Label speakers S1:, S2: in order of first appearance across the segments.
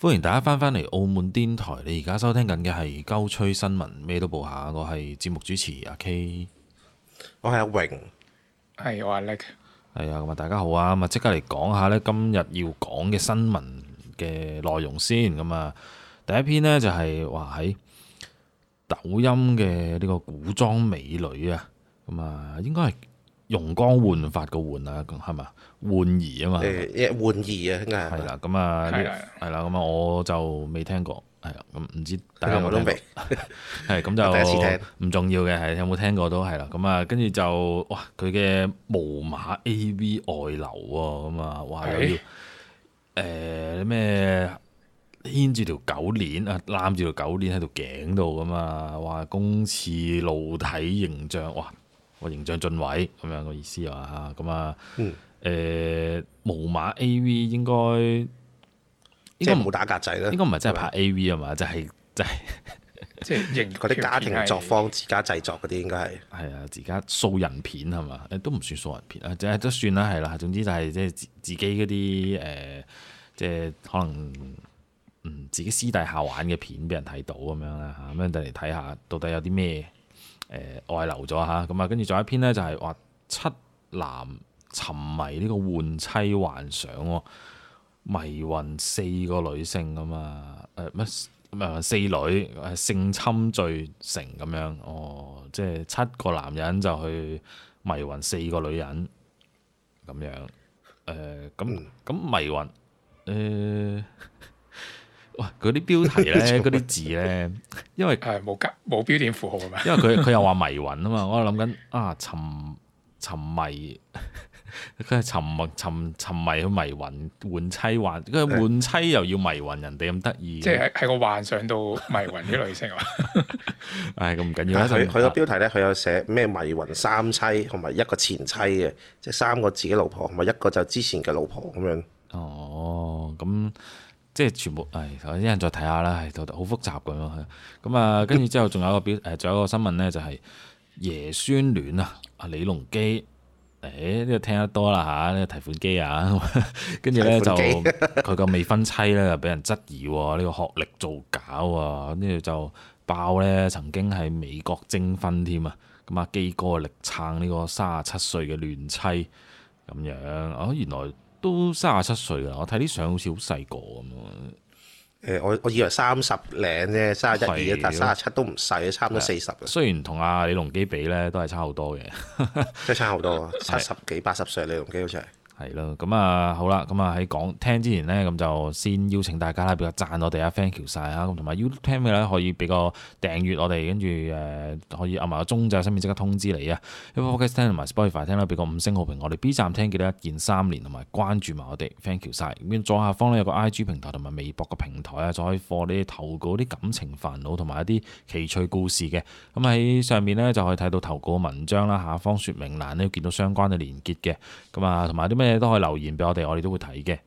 S1: 歡迎大家翻返嚟澳門電台。你而家收聽緊嘅係《鳩吹新聞》，咩都播下。我係節目主持 K 阿 K，
S2: 我係阿榮，係我阿叻，
S1: 係啊。咁啊，大家好啊，咁啊，即刻嚟講下咧今日要講嘅新聞嘅內容先。咁啊，第一篇呢、就是，就係話喺抖音嘅呢個古裝美女啊，咁啊，應該係。容光煥發個換，換，換，換啊，係嘛？換兒啊嘛，誒換兒啊，係啦的。咁啊，係啦，咁啊，我就未聽過，係啦。咁唔知大家有冇聽過？係咁 就唔 重要嘅係，有冇聽過都係啦。咁啊，跟、嗯、住就哇，佢嘅無碼 AV 外流喎，咁啊，哇又要誒咩牽住條狗鏈啊，攬住條狗鏈喺條頸度咁啊，哇，的呃啊啊啊、公廁露體形象、啊、哇！個形象進位咁樣個意思啊嚇，咁啊誒無碼 A V 應該應該冇打格仔啦，應該唔係真係拍 A V 啊嘛吧、就係，就係就係即
S3: 係嗰啲家庭作
S1: 坊自家製作嗰啲應該係係啊自家素人片係嘛？誒都唔算素人片啊，即係都算啦係啦，總之就係即係自自己嗰啲誒即係可能嗯自己私底下玩嘅片俾人睇到咁樣啦嚇，咁樣嚟睇下到底有啲咩？誒外流咗吓，咁、呃、啊，跟住仲有一篇呢，就係、是、話七男沉迷呢個換妻幻想、哦，迷暈四個女性咁嘛。誒乜誒四女性侵罪成咁樣，哦，即係七個男人就去迷暈四個女人咁樣，誒咁咁迷暈誒。呃 哇！嗰啲標題咧，嗰啲字咧，
S3: 因為係冇格冇標點符號啊嘛。因為佢佢又話
S1: 迷暈啊嘛，我諗緊啊沉沉迷，佢係沉默沉沉迷去迷暈換妻幻，佢換妻又要迷暈，人哋咁得意。即係
S3: 喺個幻想到迷暈啲類性啊！
S1: 唉，咁唔
S2: 緊要。佢佢個標題咧，佢有寫咩迷暈三妻同埋一個前妻嘅，即係三個自己老婆同埋一個就之前嘅老婆咁樣。哦，
S1: 咁。即係全部，唉、哎，等一陣再睇下啦，係，好複雜咁樣。咁、嗯、啊，跟住之後仲有一個表，誒，仲有一個新聞呢，就係、是、爺孫戀啊，阿李龍基，誒、哎，呢、這個聽得多啦吓，呢、啊這個提款機啊，跟住呢，就佢個未婚妻呢，就俾人質疑呢、這個學歷造假喎，呢、啊、個就爆呢，曾經係美國徵婚添啊，咁啊基哥力撐呢個三十七歲嘅嫩妻咁樣，哦、啊、原來。都三十七歲噶，我睇啲相好似好細個咁咯。
S2: 誒、呃，我我以為三十零啫，三十一二或三十七都唔細，差唔多四十。雖然同阿李龍基比咧，都係差好多嘅，即 係差好多。七十幾、八十歲，李龍基好似係。
S1: 係咯，咁啊好啦，咁啊喺講聽之前呢，咁就先邀請大家啦，俾個讚我哋啊 Thank you 晒啊，咁同埋要聽嘅咧可以俾個訂閱我哋，跟住誒可以按埋個鐘仔，上面即刻通知你啊。喺 Podcast 同埋 Spotify 聽咧，俾個五星好評，我哋 B 站聽記得一鍵三連，同埋關注埋我哋 Thank you 晒。咁左下方咧有個 IG 平台同埋微博嘅平台啊，就可以放你投稿啲感情煩惱同埋一啲奇趣故事嘅。咁喺上面呢，就可以睇到投稿嘅文章啦，下方説明欄咧見到相關嘅連結嘅。咁啊同埋啲咩？都可以留言俾我哋，我哋都會睇嘅。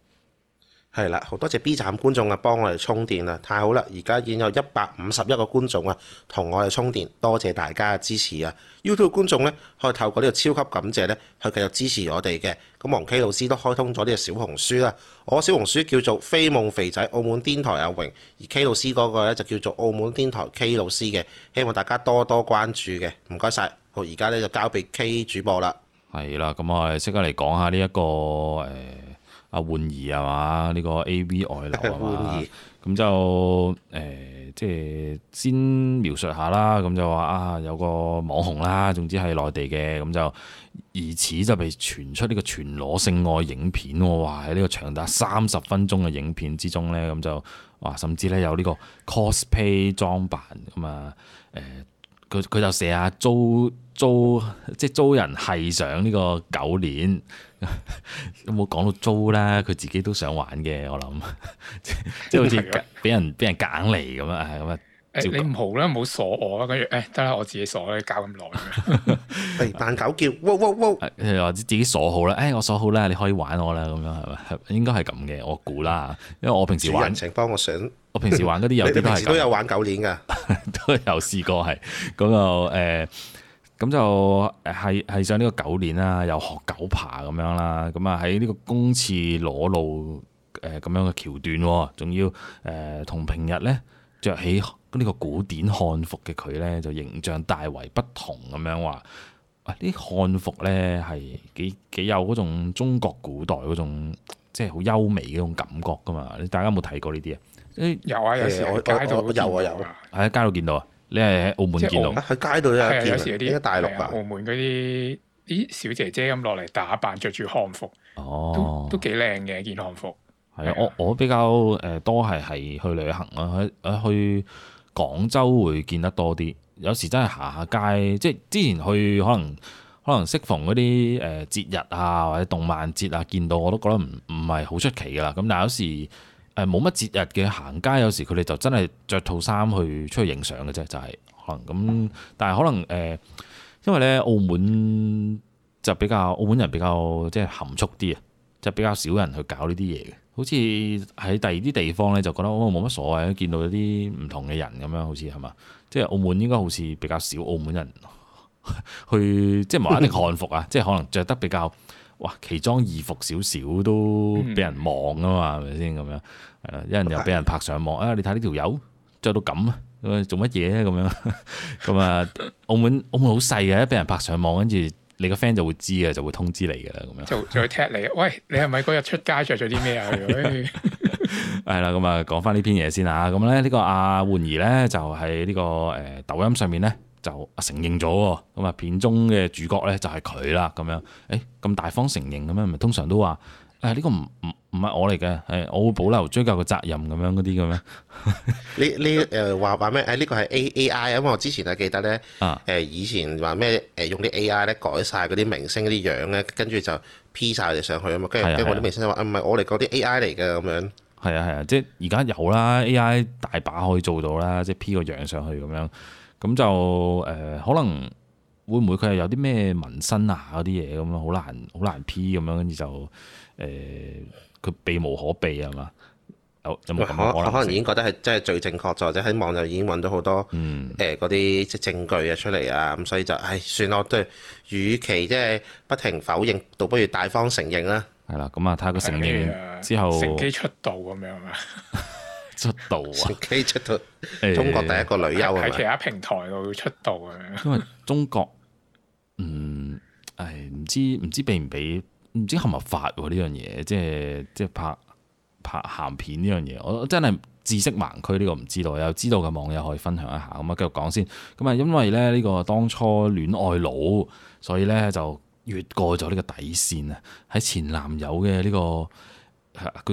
S2: 係啦，好多謝 B 站觀眾啊，幫我哋充電啦，太好啦！而家已經有一百五十一個觀眾啊，同我哋充電，多謝大家嘅支持啊！YouTube 觀眾咧，可以透過呢個超級感謝咧，去繼續支持我哋嘅。咁黃 K 老師都開通咗呢個小紅書啦，我小紅書叫做飛夢肥仔澳門癲台阿榮，而 K 老師嗰個咧就叫做澳門癲台 K 老師嘅，希望大家多多關注嘅，唔該晒。好，而家咧就交俾 K 主播啦。
S1: 係啦，咁我哋即刻嚟講下呢、這、一個誒阿婉兒係嘛？呢、呃這個 A V 外流係嘛？咁宜就誒、呃、即係先描述下啦。咁就話啊有個網紅啦，總之係內地嘅。咁就疑似就被傳出呢個全裸性愛影片，哇！喺呢個長達三十分鐘嘅影片之中咧，咁就哇甚至咧有呢個 cosplay 裝扮咁啊誒。佢佢就成日租租，租即係租人係上呢個狗鏈，都有冇講到租啦？佢自己都想玩嘅，我諗即係好似俾人俾 人夾硬嚟咁啊咁啊！你唔
S3: 好啦，唔好鎖我啦，跟住誒得啦，我自己鎖啦，搞咁耐，但、 欸、狗叫，哇哇，
S1: 哇自己鎖好啦，誒、欸、我鎖好啦，你可以玩我啦，咁樣係咪？應該係咁嘅，我估啦，因為我平時玩。有幫我選。我平時玩嗰啲有啲都係咁，都有
S2: 玩狗鍊㗎，
S1: 都有試過係咁 就誒，咁、呃、就係係上呢個狗鍊啦，又學狗爬咁樣啦，咁啊喺呢個公廁裸露誒咁樣嘅橋段，仲要誒同、呃、平日呢着起呢個古典漢服嘅佢呢，就形象大為不同咁樣話，喂啲漢服呢係幾幾有嗰種中國古代嗰種。即係好優美嘅種感覺㗎嘛，你大家有冇睇過呢啲啊？
S3: 有啊，有時喺街度有啊有
S1: 啊，喺、哎、街度見到啊，你係喺澳門見到？喺街度有見。係啊，有時啲大陸、啊、澳
S3: 門嗰啲啲小姐姐咁落嚟打扮，着住漢服，都都幾靚嘅件漢服。
S1: 係、哦、 啊，啊，我我比較誒多係係去旅行咯，去去，去廣州會見得多啲。有時真係行下街，即係之前去可能。嗯可能適逢嗰啲誒節日啊，或者動漫節啊，見到我都覺得唔唔係好出奇噶啦。咁但係有時誒冇乜節日嘅行街，有時佢哋就真係着套衫去出去影相嘅啫，就係、是、可能咁。但係可能誒、呃，因為咧澳門就比較澳門人比較即係、就是、含蓄啲啊，即、就、係、是、比較少人去搞呢啲嘢嘅。好似喺第二啲地方咧，就覺得哦冇乜所謂，見到啲唔同嘅人咁樣，好似係嘛？即係、就是、澳門應該好似比較少澳門人。去即係唔係一定漢服啊，即係可能着得比較哇奇裝異服少少都俾人望啊嘛，係咪先咁樣？係啦，一人又俾人拍上網啊！你睇呢條友着到咁啊，做乜嘢啊？咁樣咁啊，澳門澳門好細嘅，一俾人拍上網，跟住你個 friend 就會知嘅，就會通知你嘅啦。咁
S3: 樣就就會踢你，喂，你係咪嗰日出街着咗啲咩啊？跟住
S1: 係啦，咁啊，講翻呢篇嘢先啊。咁咧呢個阿婉兒咧就喺呢個誒抖音上面咧。就承認咗喎，咁啊片中嘅主角咧就係佢啦，咁樣，誒咁大方承認咁樣，咪通常都話誒呢個唔唔唔係我嚟嘅，係我會保留追究嘅責任咁樣啲嘅咩？
S2: 呢呢誒話話咩？誒呢個係 A A I 啊，因為我之前啊記得
S1: 咧，
S2: 誒以前話咩誒用啲 A I 咧改晒嗰啲明星啲樣咧，跟住就 P 晒佢哋上去啊嘛，跟住跟住啲明星話唔係我嚟嗰啲 A I 嚟嘅咁樣，
S1: 係啊係啊，即係而家有啦 A I 大把可以做到啦，即係 P 個樣上去咁樣。咁就誒、呃，可能會唔會佢係有啲咩紋身啊嗰啲嘢咁咯，好難好難 P 咁樣，跟住就誒，佢、呃、避無可避係嘛？有有冇咁可能我？我可能已經
S2: 覺得係即係最正確，或者喺網上已經揾咗好多誒嗰啲即係證據出嚟啊，咁所以就唉、哎，算咯，對，與其即係不停否認，倒不如大
S1: 方承認啦。係啦，咁啊，睇下佢承認的之後，乘機
S3: 出道咁樣啊！
S1: 出道啊
S3: ！K 出道， 中國第一個女優喺其他平台度出道啊。因為
S1: 中國，嗯，誒、哎，唔知唔知俾唔俾，唔知合唔合法呢樣嘢？即係即係拍拍鹹片呢樣嘢，我真係知識盲區呢個唔知道。有知道嘅網友可以分享一下。咁啊，繼續講先。咁啊，因為咧呢、這個當初戀愛佬，所以咧就越過咗呢個底線啊。喺前男友嘅呢、這個佢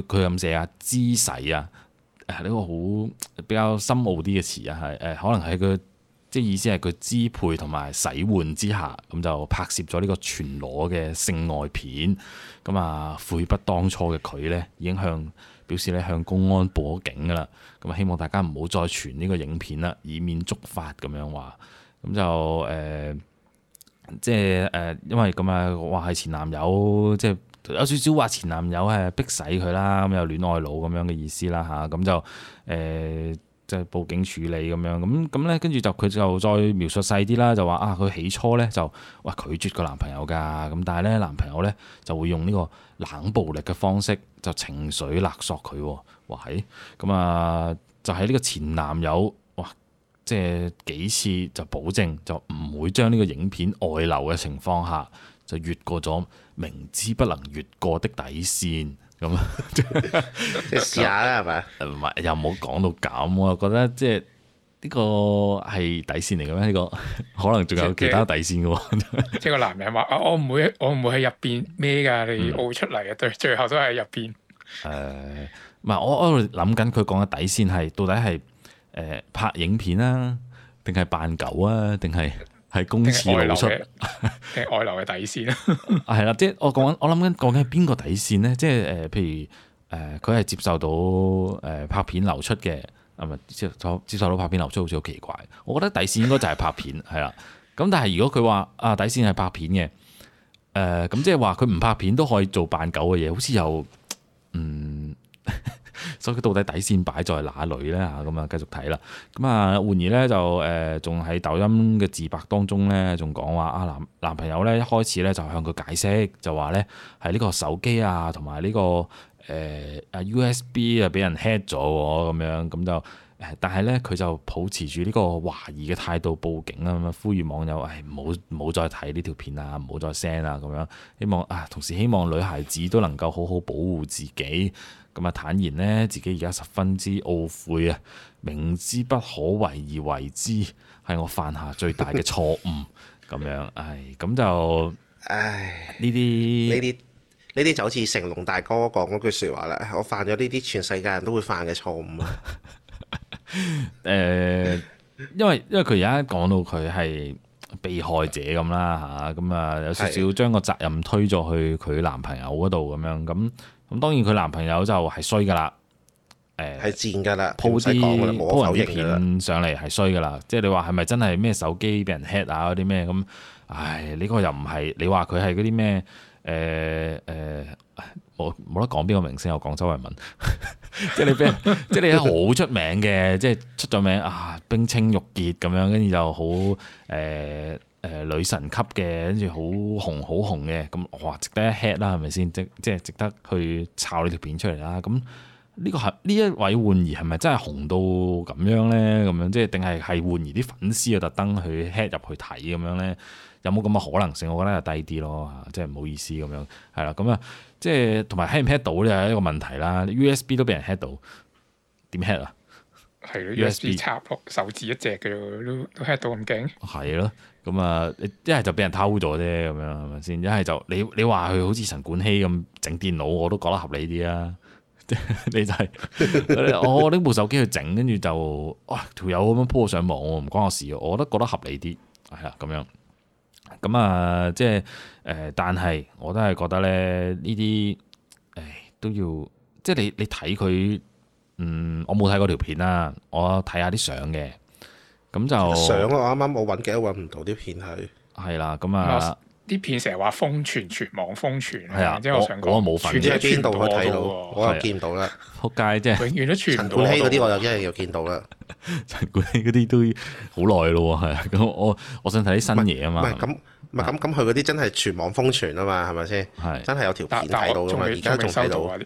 S1: 佢噉寫啊姿勢啊。係呢個好比較深奧啲嘅詞啊，係誒，可能喺佢即係意思係佢支配同埋使喚之下，咁就拍攝咗呢個全裸嘅性愛片。咁啊，悔不當初嘅佢呢，已經向表示呢向公安報警㗎啦。咁啊，希望大家唔好再傳呢個影片啦，以免觸法咁樣話。咁就誒、呃，即係誒、呃，因為咁啊，話係前男友即係。有少少話前男友係逼死佢啦，咁有戀愛佬咁樣嘅意思啦嚇，咁、嗯、就誒即係報警處理咁樣，咁，咁咧跟住就佢就再描述細啲啦，就話啊佢起初咧就哇拒絕個男朋友㗎，咁但係咧男朋友咧就會用呢個冷暴力嘅方式就情緒勒索佢，喂咁啊就喺呢個前男友哇即係幾次就保證就唔會將呢個影片外流嘅情況下。就越過咗明知不能越過的底線咁啊！試下啦，係咪？唔係又冇講到咁我又覺得即係呢、這個係底線嚟嘅咩？呢、這個可能仲有其他底線嘅喎。
S3: 即係 個男人話：啊，我唔會，我唔會喺入邊孭㗎，你 out 出嚟嘅，嗯、對，最後都係入邊。誒、呃，
S1: 唔係我我度諗緊，佢講嘅底線係到底係誒、呃、拍影片啊，定係扮狗啊，定係？係公司流出
S3: 嘅外流嘅底線
S1: 係啦，即係我講，我諗緊講緊究竟係邊個底線呢？即係譬如佢係接受到誒拍片流出嘅，係咪接接受到拍片流出好似好奇怪？我覺得底線應該就係拍片係啦。咁但係如果佢話啊底線係拍片嘅，誒咁即係話佢唔拍片都可以做扮狗嘅嘢，好似又嗯。所以佢到底底線擺在哪裏呢？嚇咁啊，繼續睇啦。咁啊，婉兒呢就誒，仲、呃、喺抖音嘅自白當中呢，仲講話啊男男朋友呢一開始呢就向佢解釋，就話呢係呢個手機啊，同埋呢個誒、呃、USB 啊，俾人 head 咗咁樣。咁就但係呢，佢就抱持住呢個懷疑嘅態度報警啊，咁啊，呼籲網友誒唔好再睇呢條片啊，唔好再 send 啊，咁樣希望啊，同時希望女孩子都能夠好好保護自己。咁啊！坦然呢，自己而家十分之懊悔啊！明知不可為而為之，係我犯下最大嘅錯誤。咁 樣，哎、唉，咁些就唉，呢啲
S2: 呢啲呢啲就好似成龍大哥講嗰句說話啦！我犯咗呢啲全世界人都會犯嘅錯誤
S1: 啊！誒、 呃，因為因為佢而家講到佢係被害者咁啦吓，咁啊、嗯、有少少將個責任推咗去佢男朋友嗰度咁樣咁。嗯咁當然佢男朋友就係衰噶啦，誒係賤
S2: 噶啦，鋪啲鋪人片
S1: 上嚟係衰噶啦。即係你話係咪真係咩手機俾人 hit 啊嗰啲咩咁？唉，呢、呢個又唔係你話佢係嗰啲咩？誒、呃、誒、呃，我冇得講邊個明星我講周慧敏，即 係 你俾人，即係你好出名嘅，即係 出咗名啊，冰清玉潔咁樣，跟住就好誒。呃誒、呃、女神級嘅，跟住好紅好紅嘅，咁哇值得一 head 啦，係咪先？即即係值得去抄呢條片出嚟啦。咁呢、呢個係呢一位換兒係咪真係紅到咁樣咧？咁樣即係定係係換兒啲粉絲啊，特登去 head 入去睇咁樣咧？有冇咁嘅可能性？我覺得係低啲咯，嚇，即係唔好意思咁樣。係啦，咁啊，即係同埋 head 唔 head 到呢係一個問題啦。USB 都俾人 head 到，點 head 啊？
S3: 係啦，USB 插落手指一隻嘅，都都 head 到咁勁。係
S1: 咯。咁啊！一係就俾人偷咗啫，咁樣係咪先？一係就你你話佢好似陳冠希咁整電腦，我都覺得合理啲啊！ 你就係我拎部手機去整，跟住就條友咁樣 po 上網，唔關我事，我都覺得，覺得合理啲，係啦咁樣。咁啊，即係誒，但係我都係覺得咧，呢啲、哎、都要，即係你你睇佢，嗯，我冇睇過條片啊，我睇下啲相嘅。咁就上我
S3: 啱啱我揾幾多揾唔到啲片去，係啦，咁啊啲片成日話封存，全網封存啊！即係我上過，我冇份。我見唔到啦，
S1: 撲街即係陳冠希嗰啲，我
S2: 又一日又見到啦。
S1: 陳冠希嗰啲都好耐咯，係咁我我想睇啲新嘢啊嘛。唔係
S2: 咁，咁咁，佢嗰啲真係全網封存啊嘛，係咪先？
S1: 真係有條片睇到，而家仲睇到。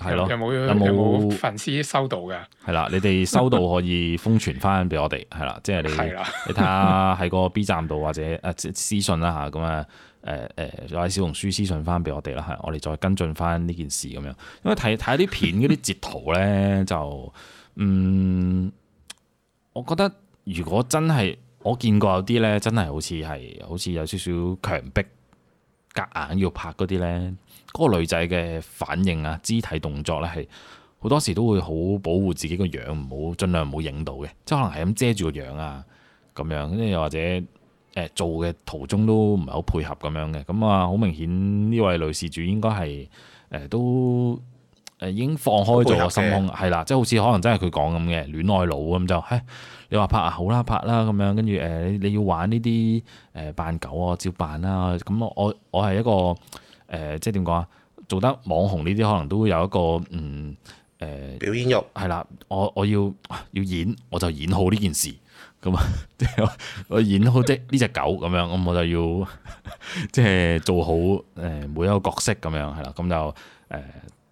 S1: 係咯，有冇有冇
S3: 粉絲收到噶？
S1: 係啦，你哋收到可以封存翻俾我哋，係啦， 即係你對了 你睇下喺個 B 站度或者誒私信啦吓，咁啊誒誒，再喺小紅書私信翻俾我哋啦，係我哋再跟進翻呢件事咁樣。因為睇睇啲片嗰啲截圖咧， 就嗯，我覺得如果真係我見過有啲咧，真係好似係好似有少少強逼夾硬要拍嗰啲咧。嗰個女仔嘅反應啊，肢體動作咧，係好多時都會好保護自己個樣，樣、啊、樣，唔好盡量唔好影到嘅，即係可能係咁遮住個樣啊，咁樣，跟住又或者誒、呃、做嘅途中都唔係好配合咁樣嘅。咁啊，好明顯呢位女事主應該係誒、呃、都誒、呃、已經放開咗個心胸係啦，即係好似可能真係佢講咁嘅戀愛腦咁就，哎、你話拍啊好啦，拍啦咁樣，跟住誒你要玩呢啲誒扮狗辦啊，照扮啦。咁我我係一個。誒、呃，即係點講啊？做得網紅呢啲，可能都會有一個嗯誒，呃、表演欲係啦。我我要要演，我就演好呢件事咁啊。即 係我演好即呢隻狗咁樣，咁、嗯、我就要即係、就是、做好誒每一個角色咁樣係啦。咁就誒、呃，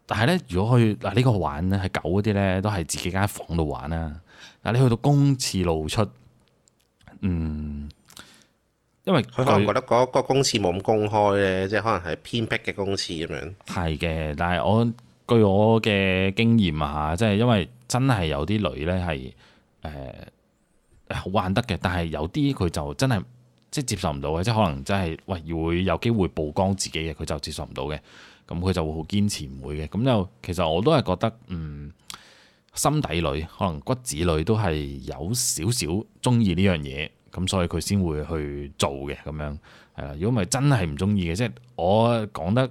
S1: 但係咧，如果去嗱呢個玩咧，係狗嗰啲咧，都係自己間房度玩啦。但係，你去到公廁露出，嗯。因為佢可能覺得
S2: 嗰個公廁冇咁公開咧，即係可能係偏僻嘅公廁咁
S1: 樣。係嘅，但係我據我嘅經驗啊，即係因為真係有啲女咧係誒，玩得嘅，但係有啲佢就真係即係接受唔到嘅，即係可能真係喂會有機會曝光自己嘅，佢就接受唔到嘅，咁佢就會好堅持唔會嘅。咁就其實我都係覺得，嗯，心底裏可能骨子裏都係有少少中意呢樣嘢。咁所以佢先會去做嘅咁樣，係啦。如果唔係真係唔中意嘅，即係我講得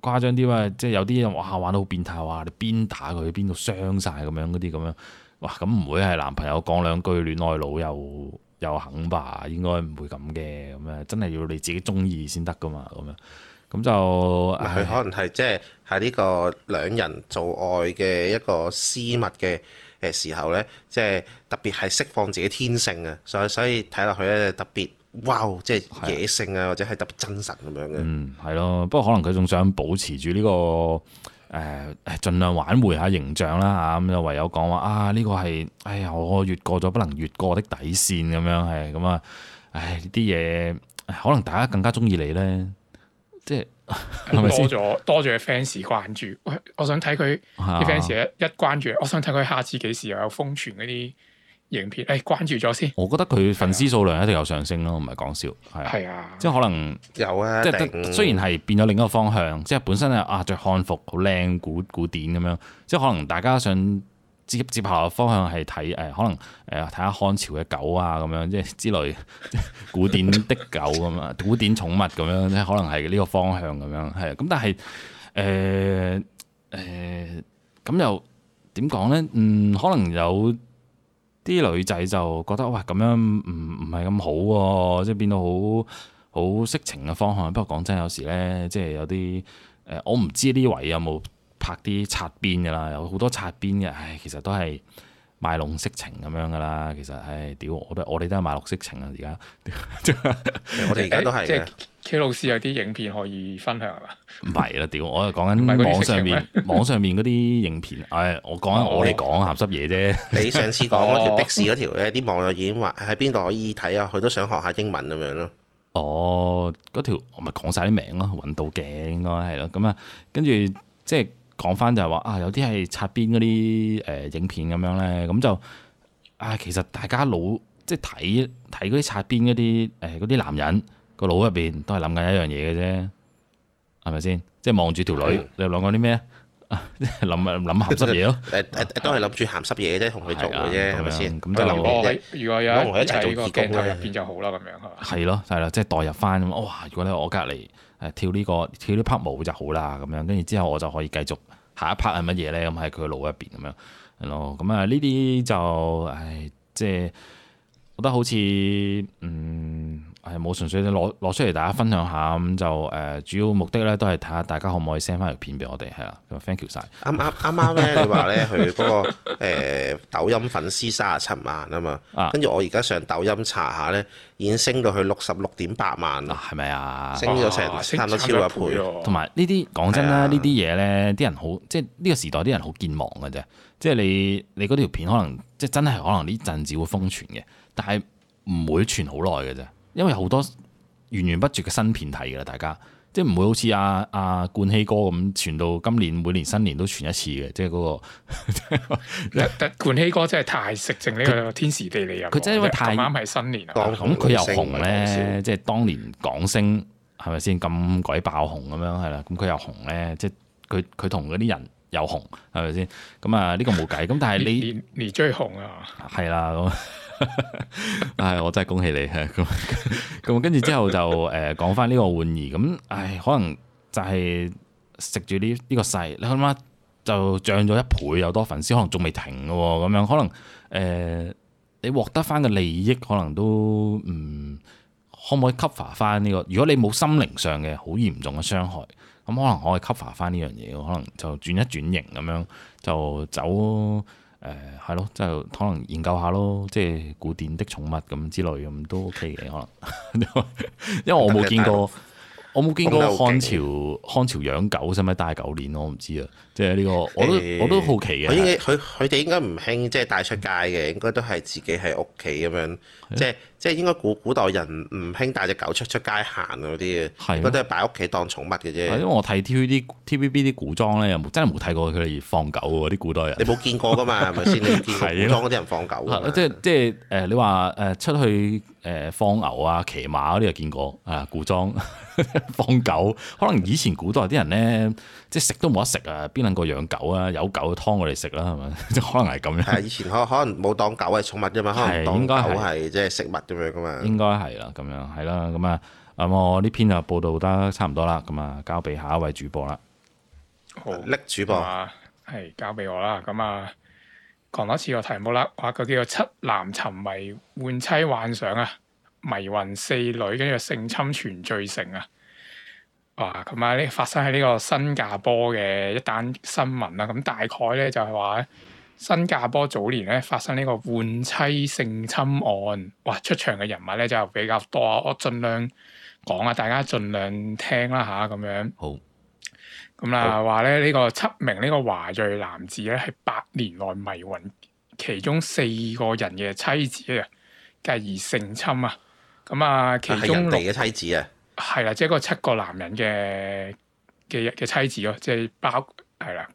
S1: 誇張啲話，即係有啲人哇玩到好變態，哇你邊打佢邊到傷晒。咁樣嗰啲咁樣，哇咁唔會係男朋友講兩句戀愛佬又又肯吧？應該唔會咁嘅，咁樣真係要你自己中意先得噶嘛，咁樣咁就可
S2: 能係即係喺呢個兩人做愛嘅一個私密嘅。嘅時候咧，即係特別係釋放自己天性啊，所所以睇落去咧特別哇，即係野性啊，的或者係特別真實咁樣
S1: 嘅。嗯，係咯，不過可能佢仲想保持住呢、這個誒，儘、呃、量挽回下形象啦嚇，咁、啊、就唯有講話啊，呢、這個係哎呀，我越過咗不能越過的底線咁樣係咁啊，唉呢啲嘢可能大家更加中意你咧，
S3: 即係。 多咗多咗 fans 關注，喂，我想睇佢啲 fans 一一關注，我想睇佢、啊、下次幾時又有瘋傳嗰啲影片，誒、哎，關注咗先。
S1: 我覺得佢粉絲數量一定有上升咯，唔係講笑，係啊，啊即係可能有
S3: 啊，即係定雖然係
S1: 變咗另一個方向，即係本身係啊着漢服好靚古古典咁樣，即係可能大家想。接接下個方向係睇誒，可能誒睇下漢朝嘅狗啊，咁樣即係之類古典的狗咁啊，古典寵物咁樣咧，可能係呢個方向咁樣係。咁但係誒誒，咁、呃呃、又點講咧？嗯，可能有啲女仔就覺得哇，咁、呃、樣唔唔係咁好喎、啊，即係變到好好色情嘅方向。不過講真，有時咧，即係有啲誒、呃，我唔知呢位有冇。拍啲擦邊嘅啦，有好多擦邊嘅，唉，其實都係賣弄色情咁樣噶啦。其實，唉，屌，我都我哋都係賣弄色情啊。而家，
S3: 我哋而家都係即係 K 老師有啲影片可以分享係、啊、嘛？
S1: 唔係啦，屌，我係講緊網上面 網上面嗰啲影片。唉、哎，我講緊我哋講鹹濕嘢啫。你上次講嗰條的士
S2: 嗰條咧，啲網友已經話喺邊度可以睇啊？佢都想學下英文
S1: 咁樣咯。哦，嗰、哦哦、條我咪講晒啲名咯，揾到嘅應該係咯。咁啊，跟住即係。講翻就係、是、話啊，有啲係擦邊嗰啲誒影片咁樣咧，咁就啊，其實大家腦即係睇睇嗰啲擦邊嗰啲誒啲男人個腦入邊都係諗緊一樣嘢嘅啫，係咪先？即係望住條女，嗯、你又諗過啲咩？諗啊諗鹹濕嘢咯， 啊
S2: 啊、都係諗住鹹濕嘢嘅
S1: 啫，同佢做嘅啫，係咪先？咁即係諗，吧如果有一齊做個鏡入邊就好啦，咁樣係咯，係啦，即係代入翻哇、哦！如果你我隔離誒跳呢、這個跳呢、這、part、個這個、舞就好啦，咁樣跟住之後我就可以繼續。下一 part 係乜嘢咧？咁喺佢嘅腦入邊咁樣咯。咁、嗯、啊，呢啲就唉，即係覺得好似嗯。係冇純粹攞攞出嚟，大家分享下咁就誒、呃，主要目的咧都係睇下大家可唔可以 send 翻條片俾我哋，係啦，thank you 晒。
S2: 啱啱啱啱咧，你話咧佢嗰個、欸、抖音粉絲三十七萬啊嘛，跟住、啊、我而家上抖音查下咧，已經升到去六
S1: 十六點八萬啦，係咪啊？
S2: 升咗成，升到超一倍喎、啊。
S1: 同埋呢啲講真啦，呢啲嘢咧，啲人好即係呢個時代啲人好健忘嘅啫，即係你你嗰條片可能即係真係可能呢陣子會瘋傳嘅，但係唔會傳好耐嘅啫。因為好多源源不絕嘅新片睇㗎啦，大家即係唔會好似阿阿冠希哥咁傳到今年，每年新年都傳一次嘅，即係、那、
S3: 嗰個。 冠希哥真係太食正呢個天時地利入，佢真係因為太啱係新年啦。咁佢又紅咧，
S1: 即係當年港星係咪先咁鬼爆紅咁樣係啦？咁佢又紅咧，即係佢佢同嗰啲人又紅係咪先？咁啊呢個冇計。咁但係你 你追紅啊？係啦咁。唉、 哎，我真係恭喜你。咁 咁跟住之後就誒講翻呢個玩意。咁唉，可能就係食住呢呢個勢，你諗下就漲咗一倍有多粉絲，可能仲未停嘅。咁樣可能誒、呃，你獲得翻嘅利益可能都唔、嗯、可唔可以 cover 翻呢個。如果你冇心靈上嘅好嚴重嘅傷害，咁可能可以 cover 翻呢樣嘢。可能就轉一轉型咁樣就走。誒係咯，就、嗯、可能研究下咯，即係古典的寵物咁之類咁都 OK 嘅，可能， 因為我冇見過，是我冇見過漢朝漢朝養狗使唔使戴狗鏈，我唔知啊，即係呢、呢個我都、欸、我都好奇嘅。佢
S2: 佢哋應該唔興即係帶出街嘅，應該都係自己喺屋企咁樣，即係。即係應該古古代人唔興帶隻狗出出街行嗰啲嘅，嗰啲係擺屋企當寵物嘅啫。係因為我
S1: 睇 TVD、TVB 啲古裝咧，又真係冇睇過佢哋放狗喎，啲古代人。你冇見過㗎嘛？係咪先？你見古裝啲人
S2: 放狗？
S1: 即係即係誒，你話誒出去誒放牛啊、騎馬嗰啲又見過啊？古裝 放狗，可能以前古代啲人咧，即係食都冇得食啊，邊撚個養狗啊？有狗劏我嚟食啦，係咪？即 可能係咁樣。以
S2: 前可能冇當狗係寵物啫嘛，可能當狗係即係食物。點樣噶嘛？應該
S1: 係啦，咁樣係啦，咁、嗯、啊，咁我呢篇就報道得差唔多啦，咁啊，交俾下一位主播啦。
S3: 好，叻、嗯、主播啊，係、嗯、交俾我啦。咁、嗯、啊，講多一次一個題目啦，話、啊、個叫做七男沉迷換妻幻想啊，迷暈四女，跟住性侵全罪成啊。哇！咁、嗯、啊，呢、嗯、發生喺呢個新加坡嘅一單新聞啦，咁、嗯、大概咧就係話咧。新加坡早年咧發生呢個換妻性侵案，哇！出場嘅人物咧就比較多，我盡量講啊，大家盡量聽啦嚇咁樣。好。咁啦樣，話咧呢個七名呢個華裔男子咧係八年內迷暈其中四個人嘅妻子啊，繼而性侵啊。咁啊，其中六嘅、啊、妻子啊，係啦，即係個七個男人嘅嘅嘅妻子咯，即係包係啦。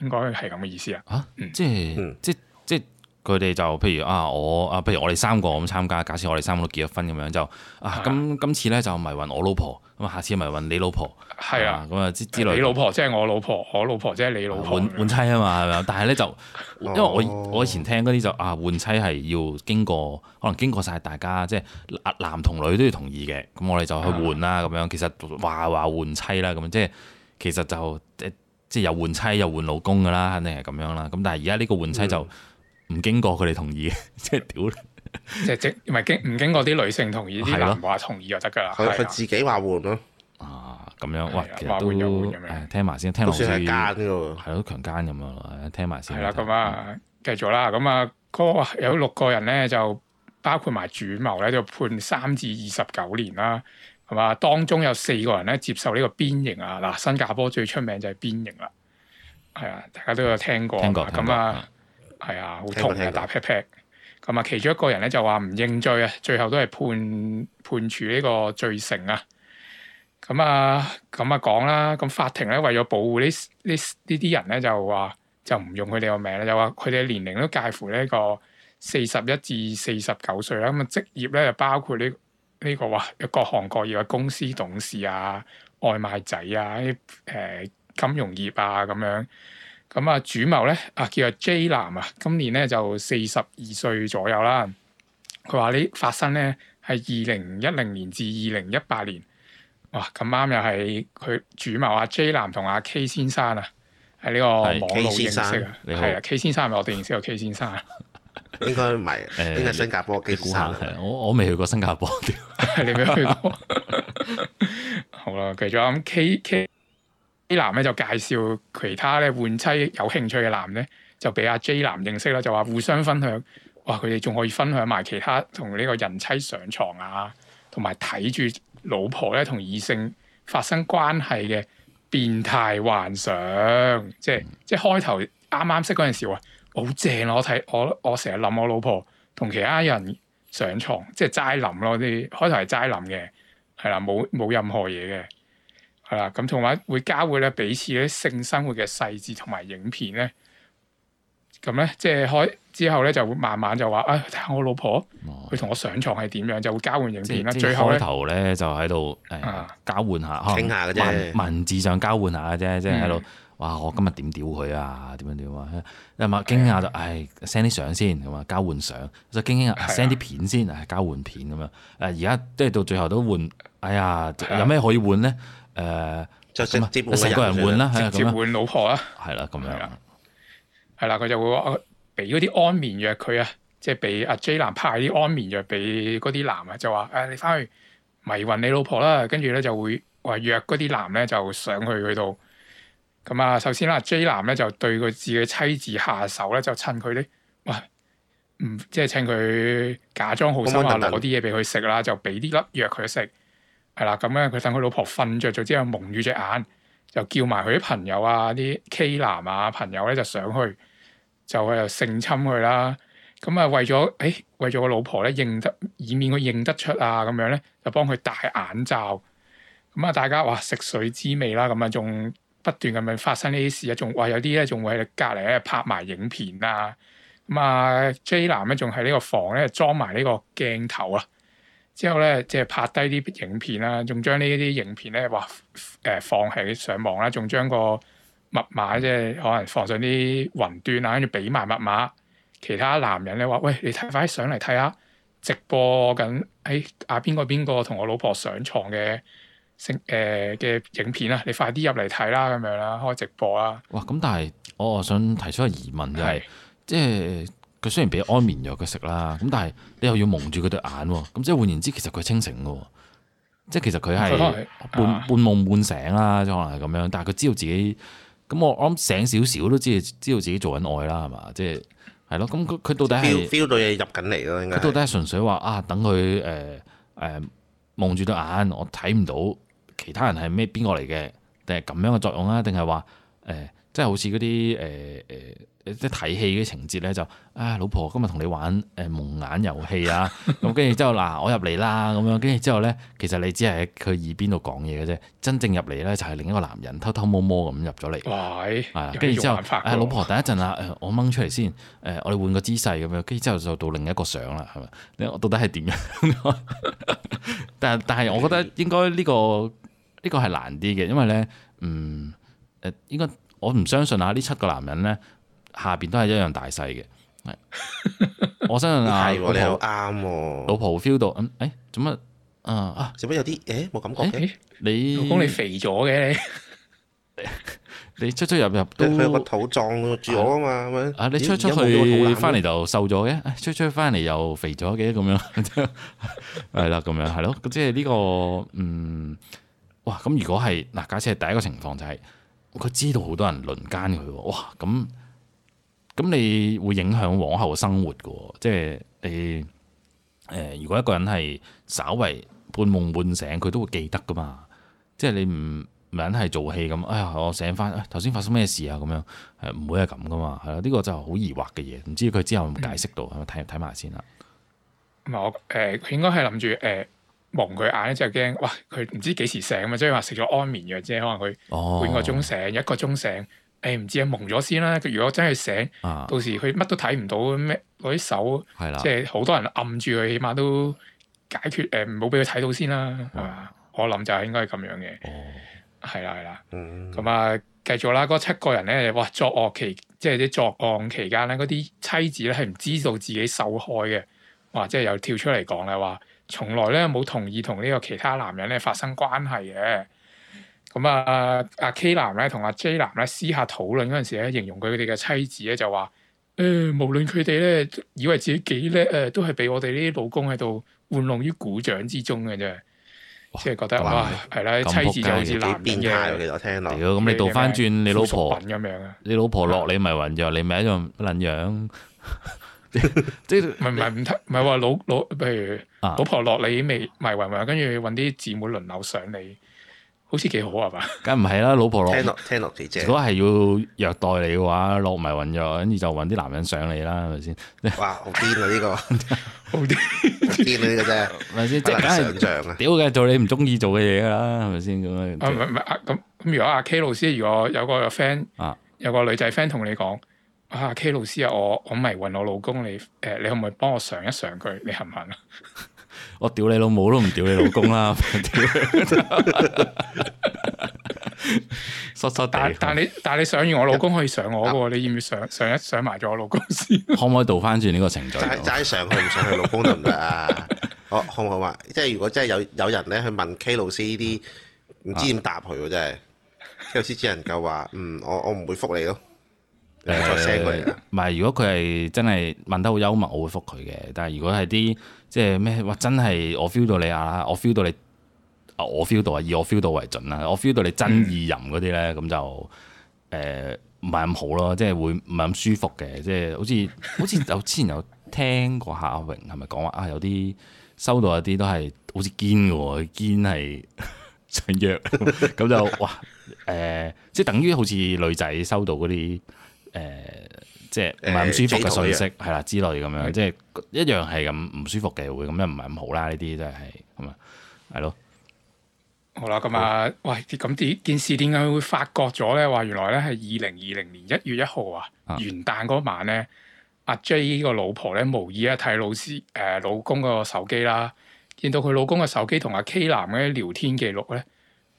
S3: 應該係咁嘅意思啊，即、嗯即即！啊，即
S1: 係即即佢哋就譬如啊，我啊，譬如我哋三個咁參加，假設我哋三個都結咗婚咁樣就啊，咁的今次咧就迷暈我老婆，咁下次迷暈你老婆，係的啊，咁啊之之類。你老婆
S3: 即係我老婆，我老婆即
S1: 係你老婆。啊、換，換妻啊嘛，係咪？ 但係咧就因為我我以前聽嗰啲就啊換妻係要經過，可能經過晒大家即係、就是、男同女都要同意嘅，咁我哋就去換啦咁樣的。其實話話換妻啦咁，即係其實就，其實就即係又換妻又換老公噶啦，肯定係咁樣啦。咁但係而家呢個換妻就唔經過佢哋同意，即係屌！
S3: 即係即唔係經唔經過啲女性同意，啲、啊、男話同意就得㗎啦。佢佢自
S1: 己話換咯。啊，咁樣的哇，其實都玩玩、哎、聽埋先，聽落好似係奸咯強姦咁樣，聽埋先。係啦的，咁啊、
S3: 嗯，繼續啦。咁啊，個有六個人咧，就包括埋主謀咧，就判三至二十九年啦。係嘛？當中有四個人咧接受呢個鞭刑啊！嗱，新加坡最出名就係鞭刑啦。係、哎、啊，大家都有聽過。聽過咁啊，係啊，好痛啊，打劈劈。咁啊，其中一個人咧就話唔認罪啊，最後都係判判處呢個罪成啊。咁啊，咁啊講啦。咁法庭咧為咗保護呢呢呢啲人咧，就話就唔用佢哋個名啦。又話佢哋嘅年齡都介乎呢個四十一至四十九歲啦。咁啊，職業咧就包括呢、這個。呢個有各行各業嘅公司董事啊、外賣仔啊、啲、呃、誒金融業啊咁樣，咁啊主謀咧啊叫做 J 男啊，今年咧就四十二歲左右啦。佢話呢發生咧係二零一零年至二零一八年，哇！咁啱又係佢主謀啊 J 男同阿 K 先生啊，係呢個網路認識啊，係啊 K 先生係咪我哋認識嘅 K 先生？ 應該唔係誒，欸、應該新加坡嘅顧客。我我未去過新加坡，你未去過？好啦，其中啱 K K K 男咧就介紹其他咧換妻有興趣嘅男咧，就俾阿 J 男認識啦。就話互相分享，哇！佢哋仲可以分享埋其他同呢個人妻上床啊，同埋睇住老婆咧同異性發生關係嘅變態幻想，即係即係開頭啱啱識嗰陣時話。好正咯！我睇我我成日諗我老婆同其他人上床，即係齋諗咯，啲開頭係齋諗嘅，係啦，冇冇任何嘢嘅，係啦。咁同埋會交換咧彼此啲性生活嘅細節同埋影片咧，咁咧即係開之後咧就會慢慢就話啊，睇下我老婆佢同、哦、我上床係點樣，就會交換影片啦。是最後咧開頭
S1: 咧就喺度啊交換下聽下嘅啫、嗯，文字上交換下啫，即係喺度。嗯哇！我今日點屌佢啊？點樣點啊？係咪傾傾下就唉 send 啲相先咁啊，交換相就傾傾下 send 啲片先，唉交換片咁樣。誒，而家即係到最後都換，哎呀的有咩可以換咧？誒、呃、就直接成個人換人、啊，直接換
S3: 老婆啦、啊，係啦樣，咁的樣係啦，佢就會俾嗰啲安眠藥佢啊，即係俾阿 J 男派啲安眠藥俾嗰啲男啊，就話誒、哎、你翻去迷暈你老婆啦，跟住咧就會話約嗰啲男咧就上去佢度。咁啊，首先啦，J 男咧就對佢自己妻子下手咧，就趁佢咧，哇，唔即係趁佢假裝好心啊，攞啲嘢俾佢食啦，就俾啲粒藥佢食，係啦，咁咧佢等佢老婆瞓着咗之後蒙住隻眼，就叫埋佢啲朋友啊，啲 K 男啊朋友咧就上去就又性侵佢啦，咁啊為咗誒、哎、為咗個老婆咧認得，以免佢認得出啊咁樣咧，就幫佢戴眼罩。咁啊，大家哇食水滋味啦，咁啊仲。不斷咁樣發生呢啲事啊，仲話有啲咧仲喺隔離喺拍埋影片啊，咁啊 J 男咧仲喺呢個房咧裝埋呢個鏡頭啊，之後咧即係拍低啲影片啦、啊，仲將呢啲影片咧，哇誒、呃、放喺上網啦、啊，仲將個密碼即、啊、係可能放上啲雲端啊，跟住俾埋密碼，其他男人咧話：喂，你睇快上嚟睇下直播緊，誒啊邊個邊個同我老婆上床嘅。成嘅影片啦，你快啲入嚟睇啦，咁樣啦，開直播啦。
S1: 哇！咁但係，我想提出個疑問就係、是，是即係佢雖然俾安眠藥佢食啦，咁但係你又要蒙住佢對眼喎，咁即係換言之，其實佢清醒嘅，即係其實佢係半是半夢、啊、半醒啦，即可能係咁樣。但係佢知道自己，咁我啱醒少少都知，知道自己做緊愛啦，係嘛？即係係咯。咁佢到底係 feel
S2: 到嘢入緊嚟咯？應該。佢到底係
S1: 純粹話啊？等佢誒誒蒙住對眼，我睇唔到。其他人係咩邊個嚟嘅？定係咁樣嘅作用啊？定係話誒，即係好似嗰啲誒誒，即係睇戲嘅情節咧，就啊、哎、老婆，今日同你玩誒、呃、蒙眼遊戲啊！咁跟住之後嗱、啊，我入嚟啦，咁樣跟住之後咧，其實你只係喺佢耳邊度講嘢嘅啫。真正入嚟咧，就係、是、另一個男人偷偷摸摸咁入咗嚟。跟住哇對之後、哎、老婆，等一陣啊、呃，我掹出嚟先。誒、呃，我哋換個姿勢咁樣，跟住之後就到另一個相啦，係咪？你到底係點樣？ 但係但係，我覺得應該呢、這個。呢個係難啲嘅，因為咧，嗯，誒，應該我唔相信啊！呢七個男人咧，下邊都係一樣大細嘅。我相信啊，我哋好啱。老婆 feel 到，嗯，誒、欸，做乜？啊啊，
S2: 做乜有啲誒冇感覺，你
S1: 老公你
S2: 肥咗嘅，你
S1: 你出出入入都個
S2: 肚撞住我啊嘛？啊，欸欸、你出出去翻嚟
S1: 就瘦咗嘅，出出去翻嚟又肥咗嘅咁樣，係 啦，咁樣係咯。即係呢個，嗯。咁如果係嗱，假設係第一個情況就係、是、佢知道好多人輪奸佢，哇！咁咁你會影響往後嘅生活噶，即係誒誒，如果一個人係稍為半夢半醒，佢都會記得噶嘛。即係你唔人係做戲咁，哎呀，我醒翻，頭、哎、先發生咩事啊？咁樣係唔會係咁噶嘛？係啦，呢、這個就係好疑惑嘅嘢，唔知佢之後有冇解釋到，睇睇埋先啦。
S3: 唔係我誒，呃、應該係諗住誒。呃蒙佢眼咧，就驚哇！佢唔知幾時醒嘛，即係話食咗安眠藥，啫。可能佢半個鐘醒，oh. 一個鐘醒，誒、欸、唔知啊，蒙咗先啦。佢如果真係醒，ah. 到時佢乜都睇唔到，咩嗰啲手，ah. 即係好多人按住佢，起碼都解決唔好俾佢睇到先啦、啊 oh. 啊。我諗就應該係咁樣嘅，係啦係啦。咁啊，啊，mm. 啊，繼續啦。嗰七個人咧，哇！作惡期，即係啲作案期間咧，嗰啲妻子咧係唔知道自己受害嘅，哇！即係又跳出嚟講啦，話。從來咧冇同意同呢個其他男人咧發生關係嘅。咁啊，阿 K 男咧同阿 J 男咧私下討論嗰陣時咧，形容佢哋嘅妻子咧就話：，誒、欸，無論佢哋咧以為自己幾叻，誒，都係俾我哋呢啲老公喺度玩弄於股掌之中嘅啫。即係哇覺得哇，係、嗯、啦，妻子就好似變態，其實聽咁你倒翻轉，你，你，你老婆，你老婆落
S1: 你咪混著，吧你咪一種撚樣。
S3: 即係唔係唔得，唔係話老老，譬如老婆落你未迷暈暈，跟住揾啲姊妹輪流上你，好似幾好啊嘛？
S1: 梗唔係啦，老婆落聽落
S3: 聽落如果係
S1: 要虐待你嘅話，落迷暈咗，跟住就揾啲男人上你啦，係咪先？
S3: 哇，好癲啊！呢個好癲嚟嘅啫，係咪先？即係梗係唔像
S1: 啊！屌嘅，做你唔中意做嘅嘢啦，係咪先咁啊？咁咁不、
S3: 嗯嗯嗯，如果阿 K 老師，如果有個 friend，有個女仔 friend 同你講。啊 K 老師啊，我我咪問我老公你誒，你可唔可以幫我上一上佢？你肯唔肯啊？
S1: 我屌你老母都唔屌你老公啦！
S3: 縮縮地，但你但你但你上完我老公可以上我喎？嗯、你要唔要上上一上埋咗我老
S1: 公先？可唔可以倒翻轉呢個程序？
S3: 齋上去唔上
S1: 去老公得唔得啊？ oh, 好好唔好
S3: 啊？即係如果真係有
S2: 有人咧去問 K 老師呢啲，唔知點答佢真係。啊、 K 老師只能夠話：嗯，我我唔會覆你咯。
S1: 再寫佢，唔係、呃、 如果佢係真係問得好幽默，我會覆佢嘅。但係如果係啲即係咩，哇真係我 feel 到你啊，我 feel 到你啊，我 feel 到啊，以我 feel 到為準啦。我 feel 到你真意淫嗰啲咧，咁、嗯、就誒唔係咁好咯，即、就、係、是、會唔係咁舒服嘅，即、就、係、是、好似 好似有之前有聽過夏榮係咪講話啊？有啲收到一啲都係好似堅嘅喎，堅係長約咁就哇誒，即、呃、係、就是、等於好似女仔收到嗰啲。誒、呃，即係唔係咁舒服嘅信息，係啦、呃，之類咁樣，的樣，樣，樣，即係一樣係咁唔舒服嘅會咁樣唔係咁好啦吧。呢啲真係係咁啊，係咯。
S3: 好啦，咁啊，喂，咁啲件事點解會發覺咗咧？話原來咧係二零二零年一月一號啊，元旦嗰晚咧，阿 J 個老婆咧無意咧睇老師誒、呃、老公個手機啦，見到佢老公嘅手機同阿 K 男嘅聊天記錄咧。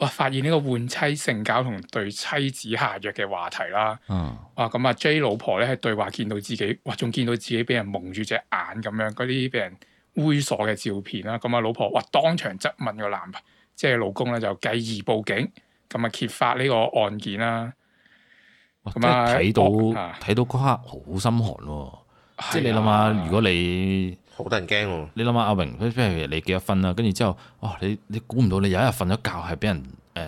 S3: 哇！發現呢個換妻性交同對妻子下藥嘅話題啦，嗯、哇！咁啊，J 老婆咧係對話見到自己，哇！仲見到自己俾人蒙住隻眼咁樣，嗰啲俾人猥瑣嘅照片啦，咁啊、嗯、老婆，哇！當場質問個男，即係老公咧，就繼而報警，咁、嗯、啊揭發呢個案件啦。咁啊，睇、就是、到
S1: 睇、嗯、到嗰、啊、刻好心寒喎、哦，即係、啊、你諗下，如果你～好得人驚喎！你諗下阿榮，譬如你幾多瞓啊，跟住之後，哦，你你估唔到你有一日瞓咗覺係俾人誒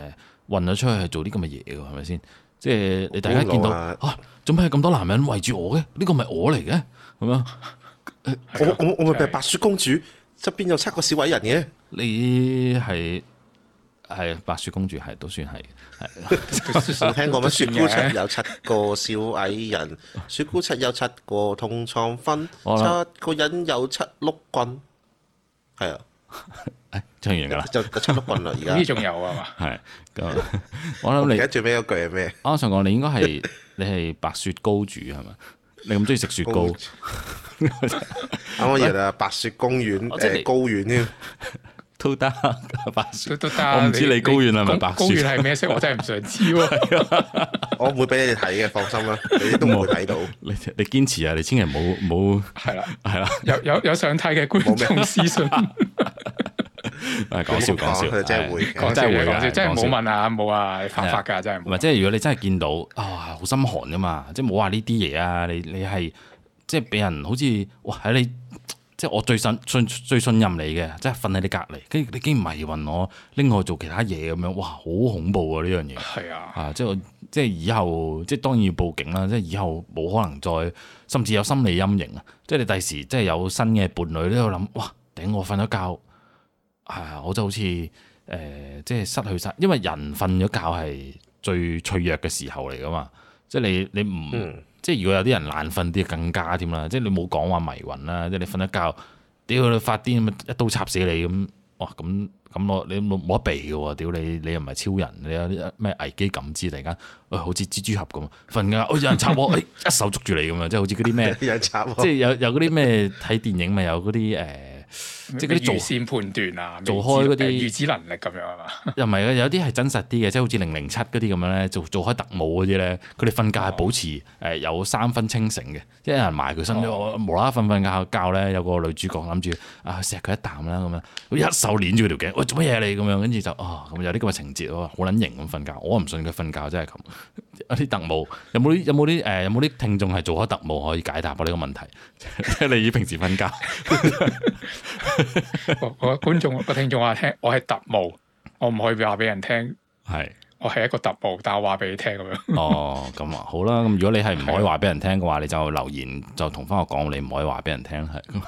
S1: 運咗出去，係做啲咁嘅嘢嘅，係咪先？即係你大家見到吓，做咩咁多男人圍住我嘅？呢、這個咪我嚟嘅？咁樣， 就是、我我我咪白雪公主側邊有七個小矮人嘅。你係。係白雪公主係都算係，冇聽過乜雪姑七有
S2: 七個小矮人，雪姑七有七個通倉分，七個人有七碌棍，係啊，
S1: 誒唱完噶啦，就七碌棍啦而家，依仲有啊嘛，係，我諗你而家最尾一句係咩？啱先我想講你應該係你係白雪公主係咪？你咁中意食雪糕，
S2: 啱啱又係白雪公園誒高原添。都得白雪，都得。我唔知你高原係咪白雪？高原係咩
S3: 色？我真係唔想知。我
S2: 唔會俾你哋睇嘅，放心啦，你
S1: 都冇睇到。你你堅持啊！你千祈唔好唔好係啦係啦。
S3: 有有有想睇嘅觀眾私信，
S1: 講笑講笑，真係會講笑會講笑，真係冇問
S3: 啊冇啊，犯法噶真
S1: 係唔係。即係如果你真係見到啊，好心寒噶嘛，即係冇話呢啲嘢啊，你你係即係俾人好似哇喺你。即係我最信信最信任你嘅，即係瞓喺你隔籬，跟住你竟然迷魂我，拎我做其他嘢咁樣，哇，好恐怖啊！呢樣嘢係啊，啊，即係即係以後，即係當然要報警啦。即係以後冇可能再，甚至有心理陰影啊！即係你第時即係有新嘅伴侶，呢度諗，哇！頂我瞓咗覺，係啊，我就好似誒、呃，即係失去晒，因為人瞓咗覺係最脆弱嘅時候嚟噶嘛，即係你你唔。你即係如果有啲人爛瞓啲更加添啦，即係你冇講話迷魂啦，即係你瞓一覺，屌佢發癲咁，一刀插死你咁，哇咁咁我你冇冇得避嘅喎，屌你你又唔係超人，你有啲咩危機感知突然間，誒、哎、好似蜘蛛俠咁瞓覺，有人插我，哎、 一手捉住你咁樣， 即係好似嗰啲咩，即係有有嗰啲咩睇電影咪有嗰啲誒。呃
S3: 即係啲做先判斷啊，做開嗰啲預知能力咁樣啊嘛？
S1: 又唔係有啲係真實啲嘅，即係好似零零七嗰啲咁樣咧，做做開特務嗰啲咧，佢哋瞓覺係保持誒、哦呃、有三分清醒嘅，
S3: 即有人埋佢身，我、哦、無
S1: 啦啦瞓瞓下覺咧，有個女主角諗住啊錫佢一啖啦咁樣，一手捏住佢條頸，喂、哎、做乜嘢、啊、你咁樣？跟住就哦，咁有啲咁嘅情節咯，好撚型咁瞓覺，我唔信佢瞓覺真係咁。一啲特務有冇啲有冇啲誒有冇啲、呃、聽眾係做開特務可以解答我呢個問題？即 係你以平時瞓覺。
S3: 我觀眾個聽眾話聽，我係特務，我唔可以話俾人聽。係是，我係一個特務，但我話俾你聽咁樣。 哦，咁啊，
S1: 好啦，咁如果你係唔可以話俾人聽嘅話，的你就留言就同翻我講，你唔可以話俾人聽係。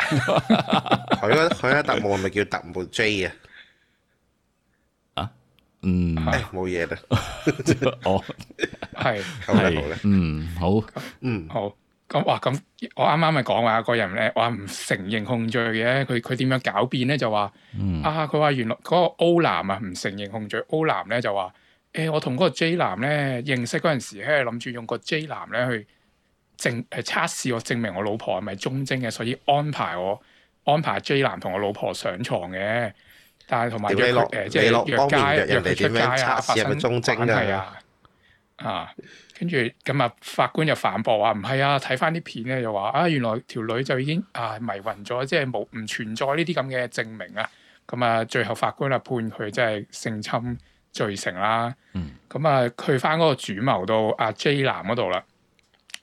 S1: 佢個佢阿特務係咪叫特務 J 啊？嗯，
S3: 冇嘢啦。哦，係，好嘅，
S1: 好嘅。
S3: 嗯，好，嗯，好。咁，哇，咁我啱啱咪講話個人咧，話唔承認控罪嘅，佢佢點樣狡辯咧？就話，啊，佢話原來嗰個歐男啊，唔承認控罪。歐男咧就話，誒、欸，我同嗰個 J 男咧認識嗰陣時咧，諗住用個 J 男咧去證去測試我證明我老婆係咪忠貞嘅，所以安排我安排 J 男同我老婆上床嘅。但係同埋若，誒落即係若街若你出街是是啊，發生關係啊，啊，跟住咁啊，法官就反駁話唔係啊，睇翻啲片咧又話啊，原來條女就已經啊迷暈咗，即係冇唔存在呢啲咁嘅證明啊。咁啊，最後法官啊判佢即係性侵罪成啦。咁啊、嗯，佢翻嗰個主謀到阿 J 男嗰度啦。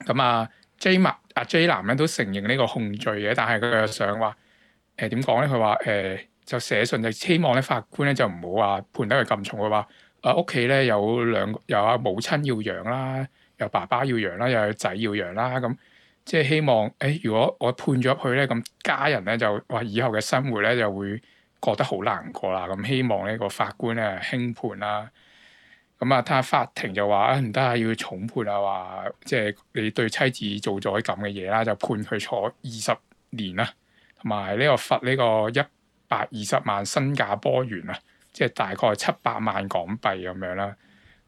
S3: 咁啊，J 麥阿 J 男咧都承認呢個控罪嘅，但係佢又想話，誒點講咧？佢話誒。就寫信就希望咧，法官咧就唔好話判得佢咁重。話誒屋企咧有兩有阿母親要養啦，有爸爸要養啦，又有仔要養啦。咁即係希望誒、欸，如果我判咗入去咧，咁家人咧就話以後嘅生活咧就會過得好難過啦。咁希望呢個法官咧輕判啦。咁啊，睇下法庭就話啊唔得啊，要重判啊，話即係你對妻子做咗啲咁嘅嘢啦，就判佢坐二十年啦，同埋呢個罰呢個一。百二十萬新加坡元啊，即係大概七百萬港幣咁樣啦。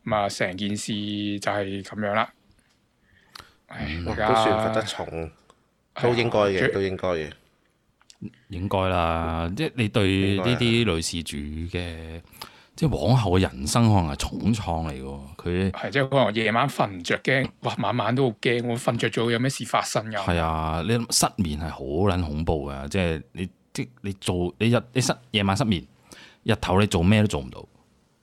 S3: 咁啊，成件事就係咁樣啦。都算罰得重，
S2: 都應該嘅，的都應該嘅，
S1: 應該啦。嗯，即係你對呢啲女事主嘅，即係往後嘅人生可能係重創嚟嘅。佢
S3: 係即係可能夜晚瞓唔着驚，哇，晚晚都好驚，我瞓着咗有咩事發生噶。
S1: 係啊，你失眠係好捻恐怖嘅，即係你。即你做你日你失夜晚失眠，日頭你做咩都做唔到，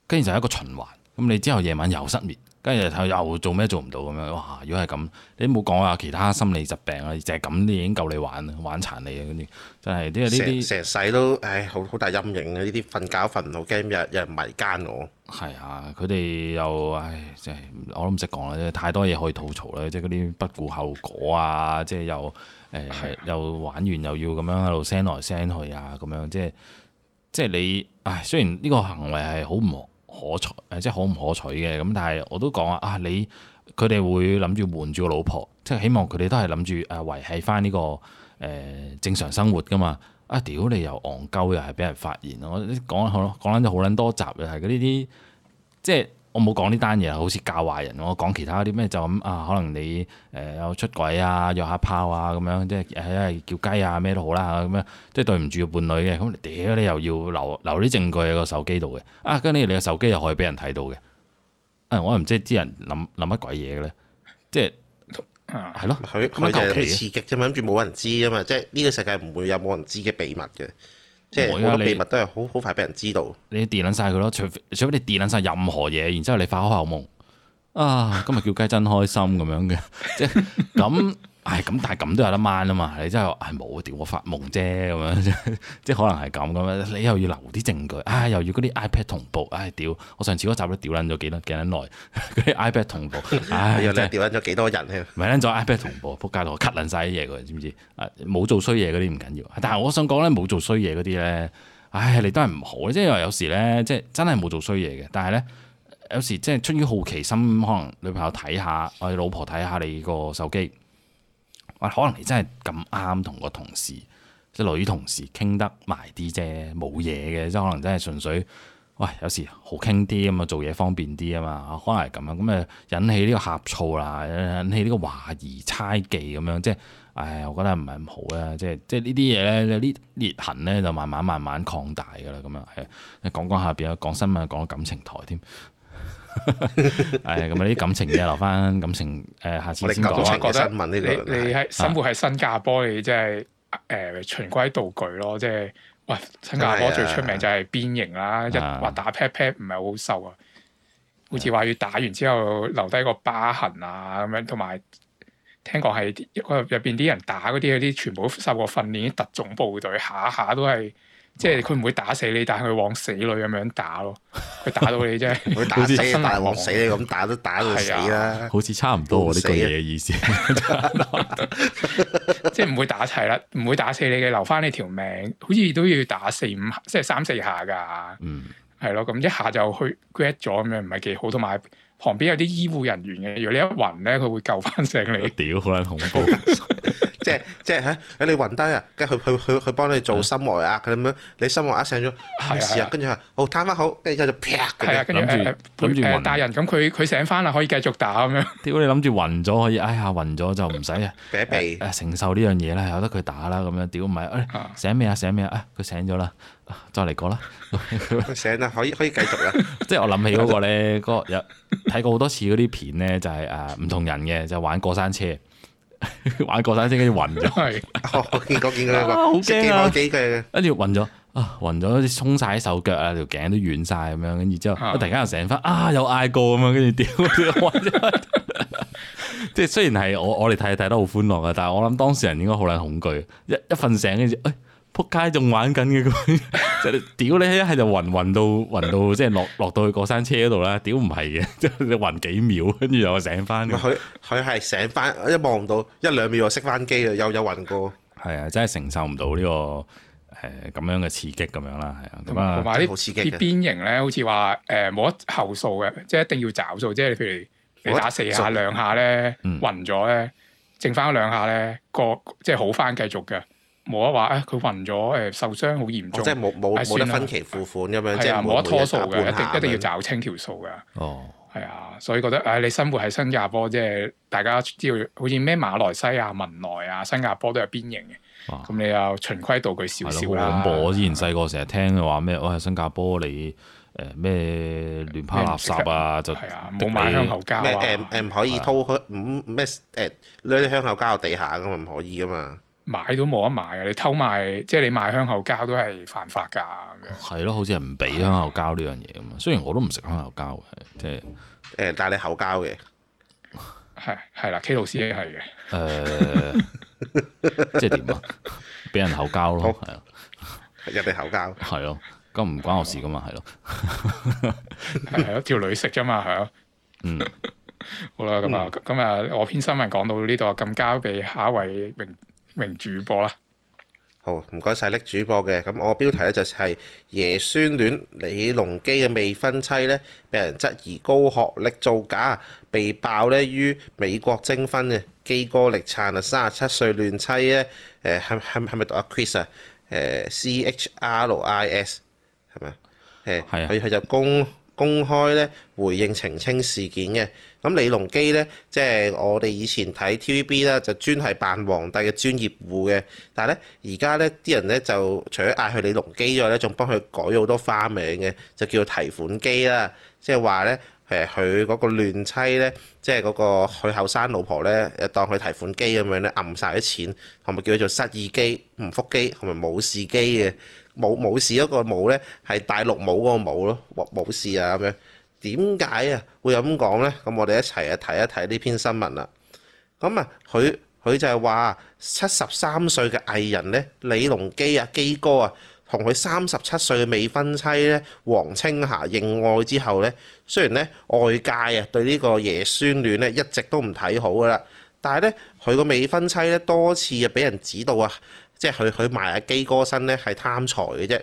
S1: 跟住就一個循環。咁你之後夜晚又失眠，跟住日頭又做咩做唔到咁樣。哇！如果係咁，你冇講話其他心理疾病啊，就係咁都已經夠你玩玩殘你啊跟住，真係呢啲。
S2: 成世都唉，好好大陰影啊！呢啲瞓覺瞓到驚日日迷姦我。係啊，
S1: 佢哋又唉，真係我都唔識講啦，太多嘢可以吐槽啦，即係嗰啲不顧後果啊，即係又。誒、哎、又玩完又要咁樣喺度 send 來 send 去啊咁樣，即係即係你，唉，雖然呢個行為係好唔可取，誒即係好唔可取嘅。咁但係我都講啊，啊你佢哋會諗住瞞住個老婆，即係希望佢哋都係諗住誒維繫返呢個誒、呃、正常生活噶嘛。啊屌你又戇鳩又係俾人發現，我講好咯，講緊好撚多集又係嗰啲啲，即係。我冇講呢單嘢，好似教壞人。我講其他啲咩就咁、是、啊，可能你誒有、呃、出軌啊、約下炮啊咁樣，即係誒叫雞啊咩都好啦咁樣，即、就、係、是、對唔住個伴侶嘅。咁、嗯、屌你又要留留啲證據喺個手機度嘅啊！跟住你個手機又可以俾人睇到嘅。誒、啊，我唔知啲人諗諗乜鬼嘢嘅咧，即係係咯，佢、啊、佢刺
S2: 激啫嘛，諗住冇人知啊嘛，即係呢個世界唔會有冇人知嘅秘密嘅。即係個秘密都係好好快俾人知道。
S1: 你掂撚晒佢咯，除非除非你掂撚晒任何嘢，然之後你發開口夢啊！今日叫雞真開心咁樣嘅，即係咁。唉，咁，但係咁都有得掹啊嘛！你真係係冇啊，屌我發夢啫咁樣，即係可能係咁咁樣。你又要留啲證據，唉，又要嗰啲 iPad 同步，唉，屌！我上次嗰集都屌撚咗幾多幾撚耐，嗰啲 iPad 同步，唉，又真係屌
S2: 撚咗幾多人添？
S1: 唔撚咗 iPad 同步，撲街度我 cut 撚晒啲嘢佢，知唔知？冇做衰嘢嗰啲唔緊要，但係我想講咧，冇做衰嘢嗰啲咧，唉，你都係唔好，即係話有時咧，即係真係冇做衰嘢嘅，但係咧有時即係出於好奇心，可能女朋友睇下，我哋老婆睇下你個手機。可能你真係咁啱同個同事，即係女同事傾得埋啲啫，冇嘢嘅，即係可能真係純粹，喂，有時好傾啲咁啊，做嘢方便啲啊嘛，可能係咁啊，咁啊引起呢個呷醋啦，引起呢個懷疑猜忌咁樣，即係，唉，我覺得唔係咁好咧，即係，即係呢啲嘢咧，熱呢裂痕咧就慢慢慢慢擴大噶啦，咁樣係，你講講下邊啊，講新聞講感情台添。係咁啊！啲、 哎、感情嘅留翻感情誒、呃，下次先講啊。這個、覺得你你喺生活
S3: 喺新加坡，啊、你即係誒循規蹈矩咯。即係喂，新加坡最出名就係鞭刑啦，一話打 pat pat 唔係好受啊。好似話要打完之後留低個疤痕啊，咁樣同埋聽講係入邊啲人打嗰啲嗰啲，全部受過訓練，啲特種部隊下下都係。即係佢唔會打死你，但係佢往死裏咁樣打咯，佢打到你真係唔會打死你咁 像打都打到死啦， 好
S1: 似差唔多呢啲句嘢嘅意思，
S3: 即係唔會打齊啦，唔會打死你嘅，留翻你條命，好似都要打四五即係三四下噶。嗯，係咯，咁一下就去 g e 咗咁樣，唔係幾好，同埋旁邊有啲醫護人員嘅，如果你一暈咧，佢會救翻醒你，屌，好撚恐怖。 即係即係，你
S2: 暈低、哎 uh. 啊，跟住佢佢佢佢幫你做心外壓咁樣，你心外壓醒咗咩啊？跟住話，好攤翻好，跟住之後就劈佢。」樣住諗住大
S3: 人咁佢佢醒翻啦，可以繼續打咁樣。
S1: 屌你諗住暈咗可以，哎呀暈咗就唔、是、使啊！撇鼻，承受呢樣嘢啦，由得佢打啦咁樣。屌唔係，醒咩啊？醒咩啊？佢醒咗啦，再嚟過啦。
S2: 醒啦，可以可以繼續啦。
S1: 即係我諗起嗰個咧，個有睇過好多次嗰啲片咧，就係誒唔同人嘅就玩過山車， 玩過山車跟住暈咗，
S2: 係 哦見，見過見過一個，好驚啊！跟住
S1: 暈咗啊，暈咗，衝晒手腳啊，條頸都軟晒咁樣，跟住之後突然間又醒返啊，又嗌過咁樣，跟住屌， 即係雖然係我我哋睇睇得好歡樂嘅，但係我諗當事人應該好捻恐懼，一一瞓醒跟住誒。撲街仲玩緊嘅佢， 你屌你一係就暈暈到暈到，即係落落到去過山車嗰度啦！屌唔係嘅，即係暈幾秒，跟住又醒翻。佢
S2: 佢係醒翻，一望唔到一兩秒就熄翻機啦，又有暈過。
S1: 係啊，真係承受唔到呢個誒咁樣嘅刺激咁樣啦，係啊。同埋啲好刺激，邊
S3: 型咧，好似話誒冇得後數嘅，即係一定要找數，即係譬如你打四下兩、嗯、下咧暈咗咧，剩翻兩下咧個，即係好翻繼，繼續嘅。冇得話，誒佢暈咗，誒受傷好嚴重，即係冇冇得分期
S2: 付款咁樣，即係
S3: 冇得拖數嘅，一定一定要找清條數嘅。哦，係啊，所以覺得誒，你生活喺新加坡，即係大家知道，好似咩馬來西亞、文萊啊、新加坡都有鞭刑嘅。咁你又循規蹈矩少少啦。好恐怖！
S1: 我之前細個成日聽嘅話咩，我喺新加坡你誒咩亂拋垃圾啊，就係啊，冇買香口膠啊，唔可
S2: 以拖佢，唔唔咩誒啲香口膠地下咁啊，唔可以噶嘛。
S3: 買都冇得買嘅，你偷賣即係你賣香口膠都係犯法噶。
S1: 係咯，好似係唔俾香口膠呢樣嘢咁啊。雖然我都唔食香口膠嘅，即係誒，但係你
S3: 口膠嘅係係啦，K 老師係嘅。誒、嗯，
S1: 即係點啊？俾人口膠咯，係啊好，人哋的口膠，係咯，咁唔關我事噶嘛，係咯 ，
S3: 係一條女食啫嘛，係咯，嗯
S1: ，
S3: 好啦，咁啊，咁啊，我篇新聞講到呢度，咁交俾下一位明名主播啦，
S2: 好唔該晒叻主播嘅，咁我標題咧就係爺孫戀李龍基嘅未婚妻咧，俾人質疑高學歷造假，被爆咧於美國徵婚嘅基哥力撐啊，三十七歲嫩妻咧，誒係係係咪讀 Chris 啊？誒 C H R I S 係咪？誒係啊，佢佢就攻。公開咧回應澄清事件嘅，咁李龍基咧即係我哋以前睇 TVB 啦，就專係扮皇帝嘅專業戶嘅。但係咧，而家咧啲人咧就除咗嗌佢李龍基之外咧，仲幫佢改咗好多花名嘅，就叫提款機啦。即係話咧誒，佢嗰個亂妻咧，即係嗰個佢後生老婆咧，當佢提款機咁樣咧，暗晒啲錢，同埋叫做失意機、唔覆機，同埋冇事機嘅？冇，冇事嗰個冇咧，係大陸冇嗰個冇咯，冇事啊咁樣。點解啊會有會咁講咧？咁我哋一齊啊睇一睇呢篇新聞啦。咁啊，佢佢就係話七十三歲嘅藝人咧，李龍基啊，基哥啊，同佢三十七歲嘅未婚妻咧，黃青霞認愛之後咧，雖然咧外界啊對個呢個爺孫戀咧一直都唔睇好噶啦，但係咧佢個未婚妻咧多次啊俾人指導啊。即係佢佢埋阿基哥身咧係貪財嘅啫，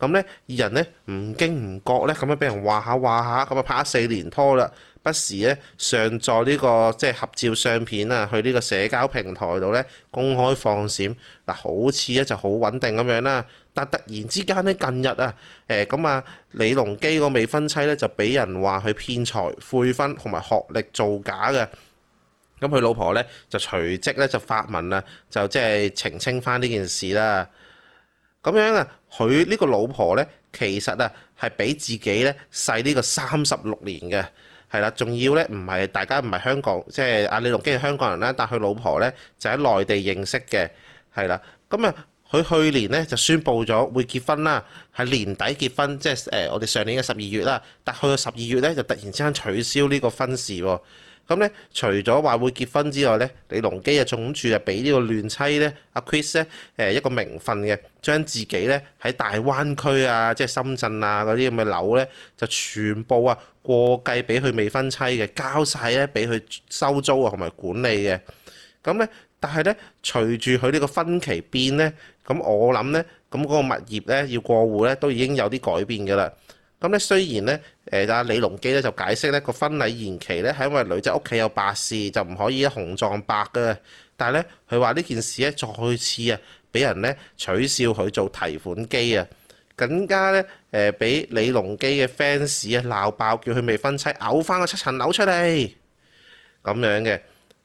S2: 咁咧二人咧唔經唔覺咧，咁樣俾人話下話下，咁啊拍咗四年拖啦，不時咧上載呢個即係合照相片啊，去呢個社交平台度咧公開放閃，嗱好似咧就好穩定咁樣啦，但突然之間咧近日啊，誒、欸、咁啊李龍基個未婚妻咧就俾人話佢騙財、悔婚同埋學歷造假嘅。咁佢老婆咧就隨即咧就發文啊，就即係澄清翻呢件事啦。咁樣啊，佢呢個老婆咧其實啊係比自己咧細呢個三十六年嘅，係啦，仲要咧唔係大家唔係香港，即係阿李龍基係香港人啦，但佢老婆咧就喺內地認識嘅，係啦。咁啊，佢去年咧就宣布咗會結婚啦，係年底結婚，即係誒我哋上年嘅十二月啦。但去到十二月咧就突然之間取消呢個婚事喎。咁咧，除咗話會結婚之外咧，李龍基啊，重住啊，俾呢個嫩妻咧，阿 Chris 咧，誒一個名分嘅，將自己咧喺大灣區啊，即係深圳啊嗰啲咁嘅樓咧，就全部啊過繼俾佢未婚妻嘅，交晒咧俾佢收租啊同埋管理嘅。咁咧，但係咧，隨住佢呢個分期變咧，咁我諗咧，咁嗰個物業咧要過戶咧，都已經有啲改變㗎啦。咁咧，雖然咧，誒阿李龍基咧就解釋咧個婚禮延期咧係因為女仔屋企有白事，就唔可以紅撞白嘅，但係咧佢話呢件事咧再次啊俾人咧取笑佢做提款機啊，更加咧誒俾李龍基嘅 fans 啊鬧爆，叫佢未婚妻嘔翻個七層樓出嚟咁樣嘅，咁、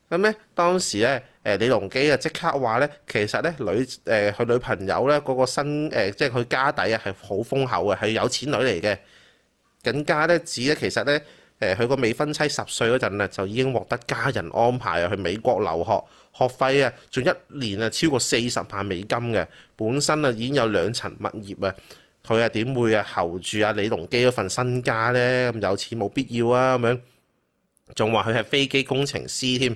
S2: 嗯、咧當時咧。誒李龍基啊、呃呃，即刻話咧，其實咧女誒佢女朋友咧嗰個新即係佢家底啊，係好豐厚嘅，係有錢女嚟嘅。更加咧指咧，其實咧誒佢個未婚妻十歲嗰陣咧，就已經獲得家人安排啊去美國留學，學費啊仲一年啊超過四十萬美金嘅，本身啊已經有兩層物業啊，佢啊點會啊睺住阿李龍基嗰份身家咧？咁有錢，冇必要啊咁樣，仲話佢係飛機工程師添，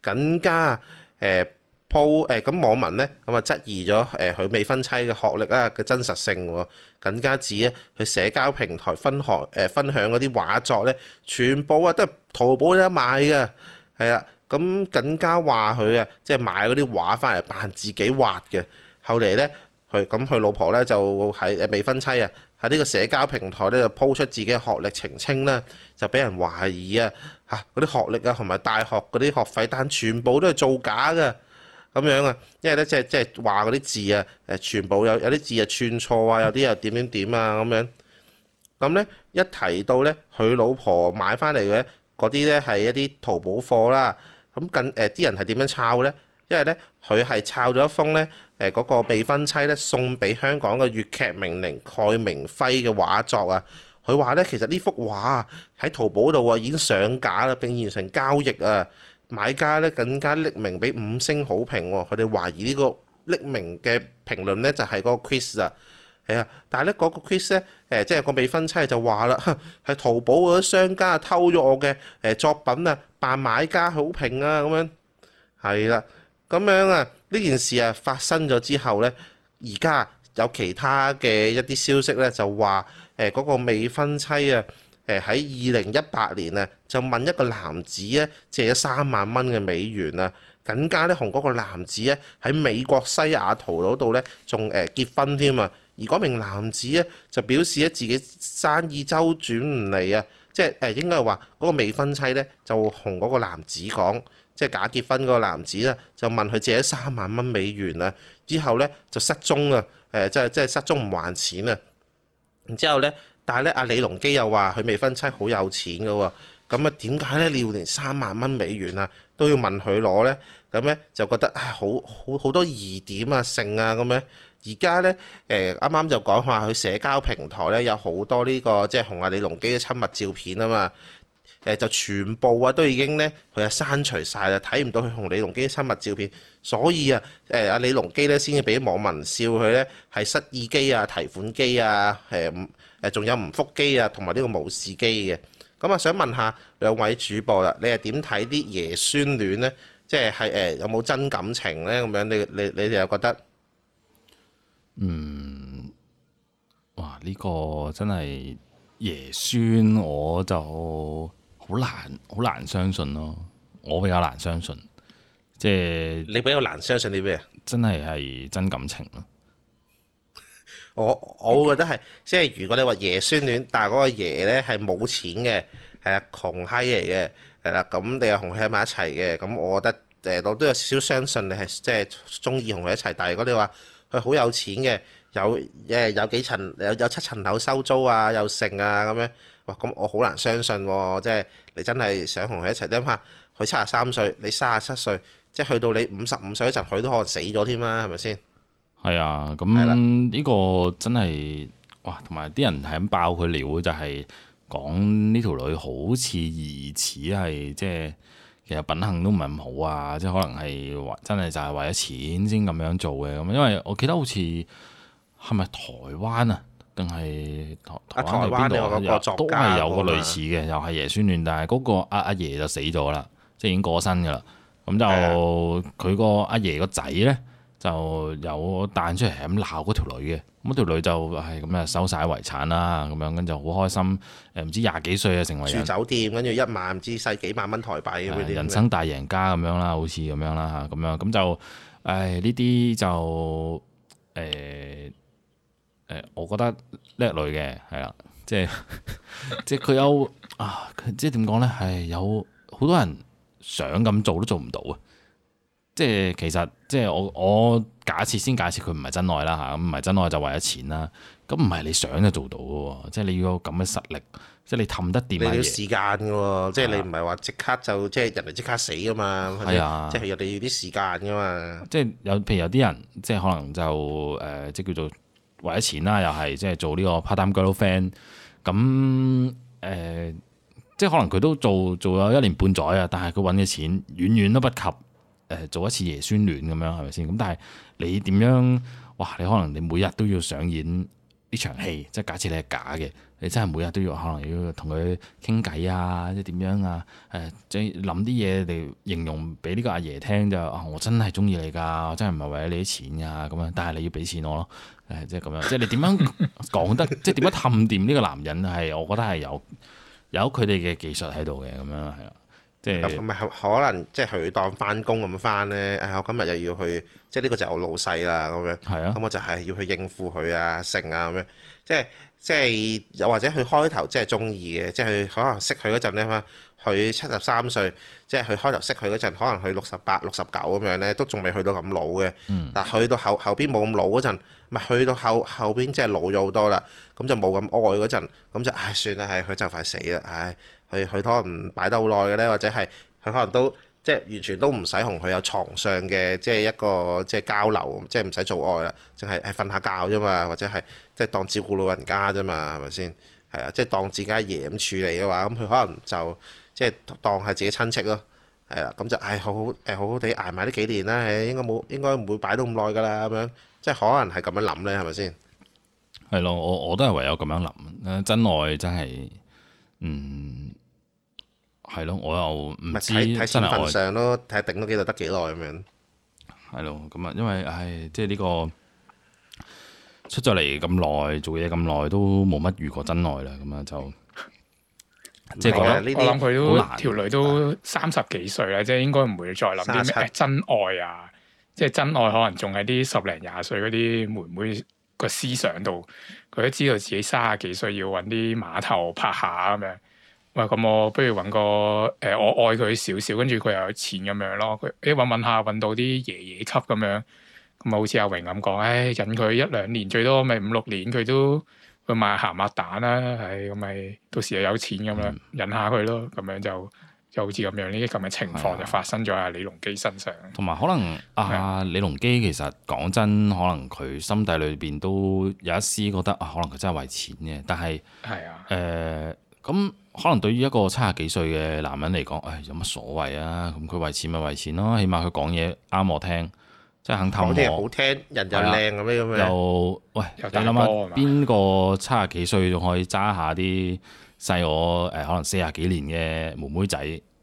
S2: 更加。誒鋪誒咁網民咧咁啊質疑咗誒佢未婚妻嘅學歷啊嘅真實性喎，更加指咧佢社交平台分享誒分享嗰啲畫作咧，全部啊都係淘寶有得買嘅，係啊，咁更加話佢啊即係買嗰啲畫翻嚟扮自己畫嘅，後嚟咧佢咁佢老婆咧就喺誒未婚妻啊。喺呢個社交平台咧，就 po 出自己嘅學歷澄清咧，就俾人懷疑啊嚇嗰啲學歷啊，同埋大學嗰啲學費單全部都係造假㗎咁樣啊，因為咧即係即係話嗰啲字啊誒全部有有啲字啊串錯啊，有啲又點點點啊咁樣，咁咧一提到咧佢老婆買翻嚟嘅嗰啲咧係一啲淘寶貨啦，咁近誒啲人係點樣抄咧？即係咧，佢係抄咗一封咧誒嗰個未婚妻咧送俾香港嘅粵劇名伶蓋明輝嘅畫作啊。佢話咧，其實呢幅畫喺淘寶度啊已經上架啦，並完成交易啊。買家咧更加匿名俾五星好評喎。佢哋懷疑呢個匿名嘅評論咧就係嗰個 Chris 啊。係啊，但係咧嗰個 Chris 咧誒，即係個未婚妻就話啦，係淘寶嗰啲商家偷咗我嘅誒作品啊，扮買家好評啊咁樣係啦。咁樣啊！呢件事啊發生咗之後呢，而家有其他嘅一啲消息呢，就話誒嗰個未婚妻啊，誒喺二零一八年啊，就問一個男子咧借咗三萬蚊嘅美元啊，更加呢，同嗰個男子咧喺美國西雅圖嗰度呢，仲誒結婚添啊，而嗰名男子咧就表示咧自己生意周轉唔嚟啊，即係誒應該係話嗰個未婚妻呢，就同嗰個男子講。即係假結婚嗰個男子咧，就問佢借咗三萬蚊美元啦，之後咧就失蹤啊！誒，即係即係失蹤唔還錢啊！然之後咧，但係咧，阿李龍基又話佢未婚妻好有錢嘅喎，哦，咁啊點解咧你要連三萬蚊美元啊都要問佢攞咧？咁咧就覺得，哎，好好好多疑點啊，性啊，咁樣。而家咧誒啱啱就講話佢社交平台咧有好多呢，這個即係同阿李龍基嘅親密照片啊嘛。誒就全部啊都已經咧，佢啊刪除晒啦，睇唔到佢同李龍基啲親密照片，所以啊誒阿李龍基咧先至俾網民笑佢咧係失意機啊、提款機啊、誒誒仲有唔覆機啊，同埋呢個無視機嘅。咁啊，想問下兩位主播啦，你係點睇啲爺孫戀咧？即係係誒有冇真感情咧？咁樣你你你哋又覺得？
S1: 嗯，哇！呢、這個真係爺孫，我就～好難，好難相信咯。我比較難相信，即係
S2: 你比較難相信啲咩？
S1: 真係係真感情咯。
S2: 我我覺得係，即係如果你話爺孫戀，但係嗰個爺咧係冇錢嘅，係啊窮閪嚟嘅，係啦。咁你又同佢喺埋一齊嘅，咁我覺得誒，我都有少少相信你係即係中意同佢一齊。但係如果你話佢好有錢嘅，有誒有幾層有有七層樓收租啊，有剩啊咁樣。哇！咁我好難相信喎，即係你真係想同佢一齊？你諗下佢七十三歲，你三十七歲，即係去到你五十五歲嗰陣，佢都可能死咗添啦，係咪先？
S1: 係啊，咁呢個真係哇！同埋啲人係咁爆佢料，就係講呢條女好似疑似係即係其實品行都唔係咁好啊，即係可能係真係就係為咗錢先咁樣做嘅咁。因為我記得好似係咪台灣啊？定係台台灣都有、啊、個作家，都有個類似嘅的又係爺孫戀，但係嗰、那個阿阿、啊、爺就死咗啦，即係已經過身噶啦。咁就佢的、那個阿、啊、爺個仔咧，就有彈出嚟咁鬧嗰條女嘅。咁條女就係咁啊，收晒遺產啦，咁樣跟住好開心。誒唔知廿幾歲啊，成為住酒
S2: 店，跟住一萬唔知細幾萬蚊台幣，人生大
S1: 贏家咁樣啦，好似咁樣啦嚇，咁樣咁就誒呢啲就誒。我覺得叻女嘅係啦，即係即係佢有啊，即係點講咧？係、哎、有好多人想咁做都做唔到啊！即係其實即係我我假設先，假設佢唔係真愛啦吓，咁唔係真愛就為咗錢啦。咁唔係你想就做到嘅，即係你要有咁嘅實力，即係你氹得掂。你要時
S2: 間嘅，即係你唔係話即刻就即係人哋即刻死啊嘛？係啊的，即係人哋要啲時間噶嘛。
S1: 即係有譬如有啲人即係可能就誒、呃，即叫做。為咗錢啦，又係即係做呢個 part-time girlfriend，咁誒，即係、呃、可能佢都做做咗一年半載啊，但係佢揾嘅錢遠遠都不及誒、呃、做一次爺孫戀咁樣，係咪先？咁但係你點樣？哇！你可能你每日都要上演呢場戲，即係假設你係假嘅，你真係每日都要可能要同佢傾偈啊，即係點樣啊？誒、呃，即係諗啲嘢嚟形容俾呢個阿爺聽就、啊，我真係中意你㗎，我真係唔係為咗你啲錢㗎，咁樣，但係你要俾錢我咯。係即係咁樣，即係你點樣講得，即係點樣氹掂呢個男人係，我覺得係有有佢哋嘅技術喺度嘅，咁樣係啊，即係咪可
S2: 能即係佢當翻工咁翻咧？誒、哎，我今日又要去，即係呢個就我老細啦咁樣，係啊，咁我就係要去應付佢啊，成啊咁樣，即係。即係又或者佢開頭真係中意嘅，即係佢可能識佢嗰陣呢，佢七十三歲，即係佢開頭識佢嗰陣，可能佢六十八、六十九咁樣呢，都仲未去到咁老嘅。但去到後後邊冇咁老嗰陣，唔係去到後後邊即係老咗好多啦，咁就冇咁愛嗰陣，咁就唉算啦，係佢就快死啦，唉，佢佢可能唔擺得好耐嘅呢，或者係佢可能都。即係完全都唔使同佢有床上嘅，即係一個即係交流，即係唔使做愛啊，淨係係瞓下覺啫嘛，或者係即係當照顧老人家啫嘛，係咪先？係啊，即係當自己阿爺咁處理嘅話，咁佢可能就即係當係自己親戚咯。係啊，咁就係好誒，好好地、哎哎、捱埋呢幾年啦。誒、哎，應該冇應該唔會擺到咁耐㗎啦。咁樣即係可能係咁樣諗咧，係咪先？
S1: 係咯，我我都係唯有咁樣諗，真愛真係嗯。係咯，我又唔知真係愛。睇睇身份上
S2: 咯，睇頂咗幾耐得幾耐咁樣。
S1: 係咯，咁啊，因為唉，即係、這、呢個出咗嚟咁耐，做嘢咁耐都冇乜遇過真愛啦，咁啊、嗯、就即係覺得這些 我諗佢都條女都
S3: 歲三十幾歲啦，即係應該唔會再諗啲咩真愛啊。即係真愛可能仲喺啲十零廿歲嗰啲妹妹個思想度，佢都知道自己卅幾歲要揾啲碼頭拍下咁樣。喂，咁我不如揾個誒、呃，我愛佢少少，跟住佢又有錢咁樣咯。佢一揾揾下，揾到啲爺爺級咁樣，咁啊，好似阿榮咁講，唉，忍佢一兩年，最多咪五六年，佢都去買鹹鴨蛋啦。唉，咁咪到時又有錢咁啦，忍、嗯、下佢咯。咁樣就就好似咁樣呢啲咁嘅情況就發生咗喺李龍基身上。
S1: 同埋、啊、可能阿、啊啊、李龍基其實講真，可能佢心底裏邊都有一絲覺得、啊、可能佢真係為錢嘅，但係誒。咁可能對於一個七十幾歲嘅男人嚟講，誒有乜所謂啊？咁佢為錢咪為錢咯，起碼佢講嘢啱我聽，即係肯聽我。講、嗯、好
S2: 聽，人就、嗯嗯、又靚咁樣
S1: 咁樣。就，喂，哥哥你諗下邊個七十幾歲仲可以揸下啲細我誒？可能四十幾年嘅妹妹仔，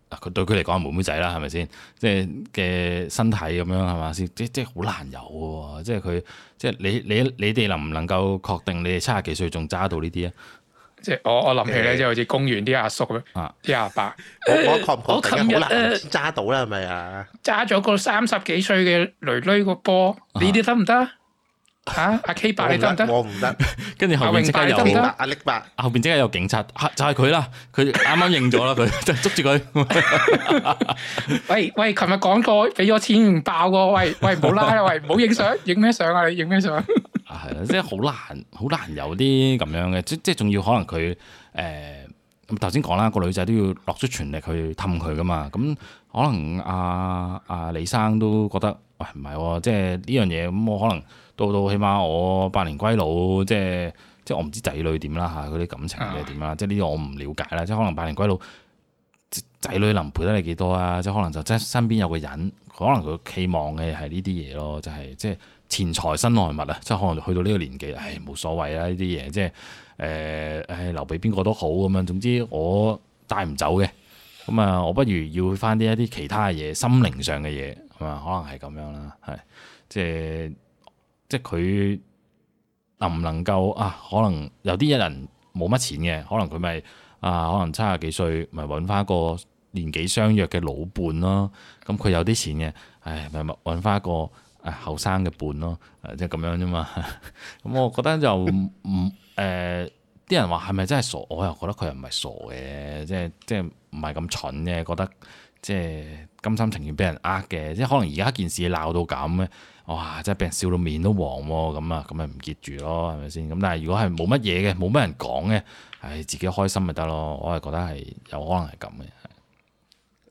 S1: 佢對佢嚟講係妹妹仔啦，係咪先？即係嘅身體咁樣係咪先？即即係好難有喎，即係佢即係你你你哋能唔能夠確定你哋七十幾歲仲揸到呢啲啊？
S3: 即係我我諗起咧，即係好似公園啲阿叔咁，啲阿伯，我我琴日揸到啦，係咪啊？揸咗個三十幾歲嘅女女個波，呢啲得唔得啊？阿 K 八你得唔得？我唔得。跟住 後邊即係有阿力八，
S1: 後邊即係有警察，就係佢啦。佢啱啱認咗啦，佢就捉住佢。
S3: 喂喂，琴日講過，俾咗錢唔爆喎。喂喂，唔好拉啦，喂，唔好影相，影咩相啊？你影咩相？
S1: 啊，係啦，即係好難，好難有啲咁樣嘅，即即係仲要可能佢誒，咁、啊、頭、啊、先講啦，個女仔都要落出全力去氹佢噶嘛，咁可能阿阿李生都覺得，喂唔係喎，即係呢樣嘢，咁、 嗯、我、就是、我，我可能到到起碼我百年歸老，即係即係我唔知仔女點啦嚇，啲感情嘅點啦，即係呢啲我唔了解啦，即係可能百年歸老仔女能陪得你幾多啊，即係可能就即係身邊有個人，可能佢期望嘅係呢啲嘢咯，就係、是、即係。錢財身外物啊，即係可能去到呢個年紀，唉，冇所謂啦！呢啲嘢，即係誒，誒，留俾邊個都好咁樣。總之我帶唔走嘅，咁啊，我不如要翻啲一啲其他嘅嘢，心靈上嘅嘢，係嘛？可能係咁樣啦，係即係即係佢能唔能夠啊？可能有啲人冇乜錢嘅，可能佢咪啊，可能七廿幾歲咪揾翻一個年紀相約嘅老伴咯。咁佢有啲錢嘅，唉，咪咪揾翻一個。誒後生嘅伴咯，即係咁樣啫嘛。咁、 嗯、我覺得就唔誒，啲、呃、人話係咪真係傻？我又覺得佢又唔係傻嘅，即係即係唔係咁蠢嘅，覺得即係、就是、甘心情願俾人呃嘅。即係可能而家件事鬧到咁咧，哇！真係俾人笑到面都黃喎，咁啊，咁咪唔結住咯，係咪先？咁但係如果係冇乜嘢嘅，冇乜人講嘅，唉，自己開心咪得咯。我係覺得係有可能係咁嘅。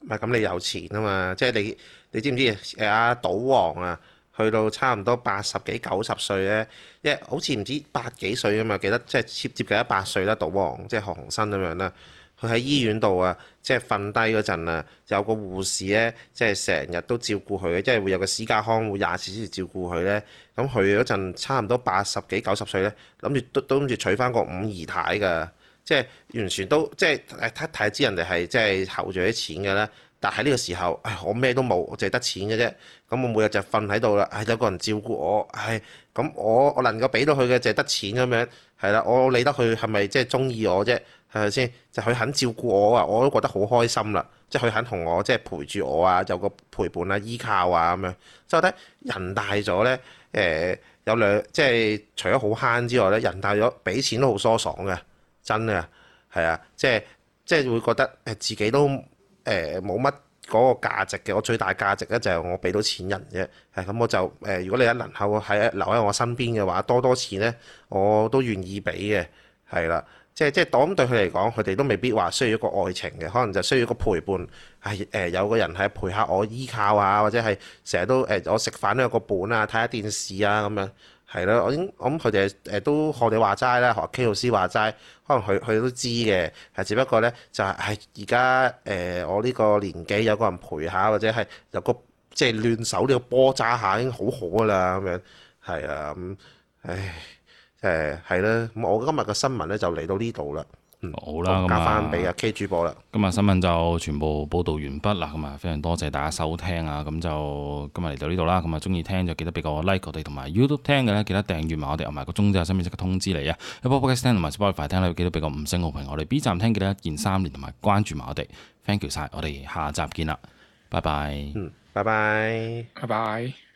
S1: 唔
S2: 係咁，你有錢啊嘛？即係你你知唔知阿、啊、賭王啊！去到差唔多八十幾九十歲咧，即好似唔知八幾歲啊嘛，記得即係接接近一百歲啦，賭王即係何鴻燊咁樣啦。佢喺醫院度啊，即係瞓低嗰陣啊，有個護士咧，即係成日都照顧佢嘅，即係會有個私家看護廿四小時照顧佢咧。咁佢嗰陣差唔多八十幾九十歲咧，諗住都都諗住娶翻個五姨太㗎，即係完全都即係太太知人哋係即係厚住啲錢㗎咧。但喺呢個時候，唉，我咩都冇，我淨係得錢嘅啫。咁我每日就瞓喺度啦，唉，有個人照顧我，唉，咁我我能夠俾到佢嘅淨係得錢咁樣，係啦，我理得佢係咪即係中意我啫，係咪先？就佢肯照顧我啊，我都覺得好開心啦。即係佢肯同我即係陪住我啊，有個陪伴啊、依靠啊咁樣，所以我覺得人大咗咧，誒有兩即係除咗好慳之外咧，人大咗俾錢都好疏爽嘅，真嘅係啊，即係即係會覺得誒自己都。誒冇乜嗰個價值嘅，我最大價值咧就係我俾到錢人啫。係，咁我就誒、呃，如果你一能夠喺留喺我身邊嘅話，多多錢咧我都願意俾嘅。係啦，即係即係當對佢嚟講，佢哋都未必話需要一個愛情嘅，可能就需要一個陪伴。係、哎、誒、呃，有個人係陪下我依靠啊，或者係成日都誒、呃，我食飯都有個伴啊，睇下電視啊咁樣。係咯，我應我諗佢哋誒，都學你話齋啦，學 K 老師話齋，可能佢佢都知嘅，係只不過咧就係係而家誒，我呢個年紀有個人陪下，或者係有個即係亂手個波揸下已經好好噶啦咁樣，係啊咁，唉誒係啦，咁我今日嘅新聞咧就嚟到呢度啦。嗯、好啦，咁、嗯、啊，加翻俾啊 K 主播啦。
S1: 今日新聞就全部報道完畢啦，咁啊，非常多謝大家收聽啊，咁就今日嚟到呢度啦，咁啊，中意聽就記得俾個 like 我哋，同埋 YouTube 聽嘅咧，記得訂閱埋我哋，同埋個鐘就喺身邊即刻通知你啊。喺 Podcast、ok、聽同埋 Spotify 聽咧，記得俾個五星好評。我哋 B 站聽記得一鍵三連，同埋關注埋我哋。Thank you 晒，我哋下集見啦，拜拜，拜拜、嗯，
S3: 拜拜。Bye bye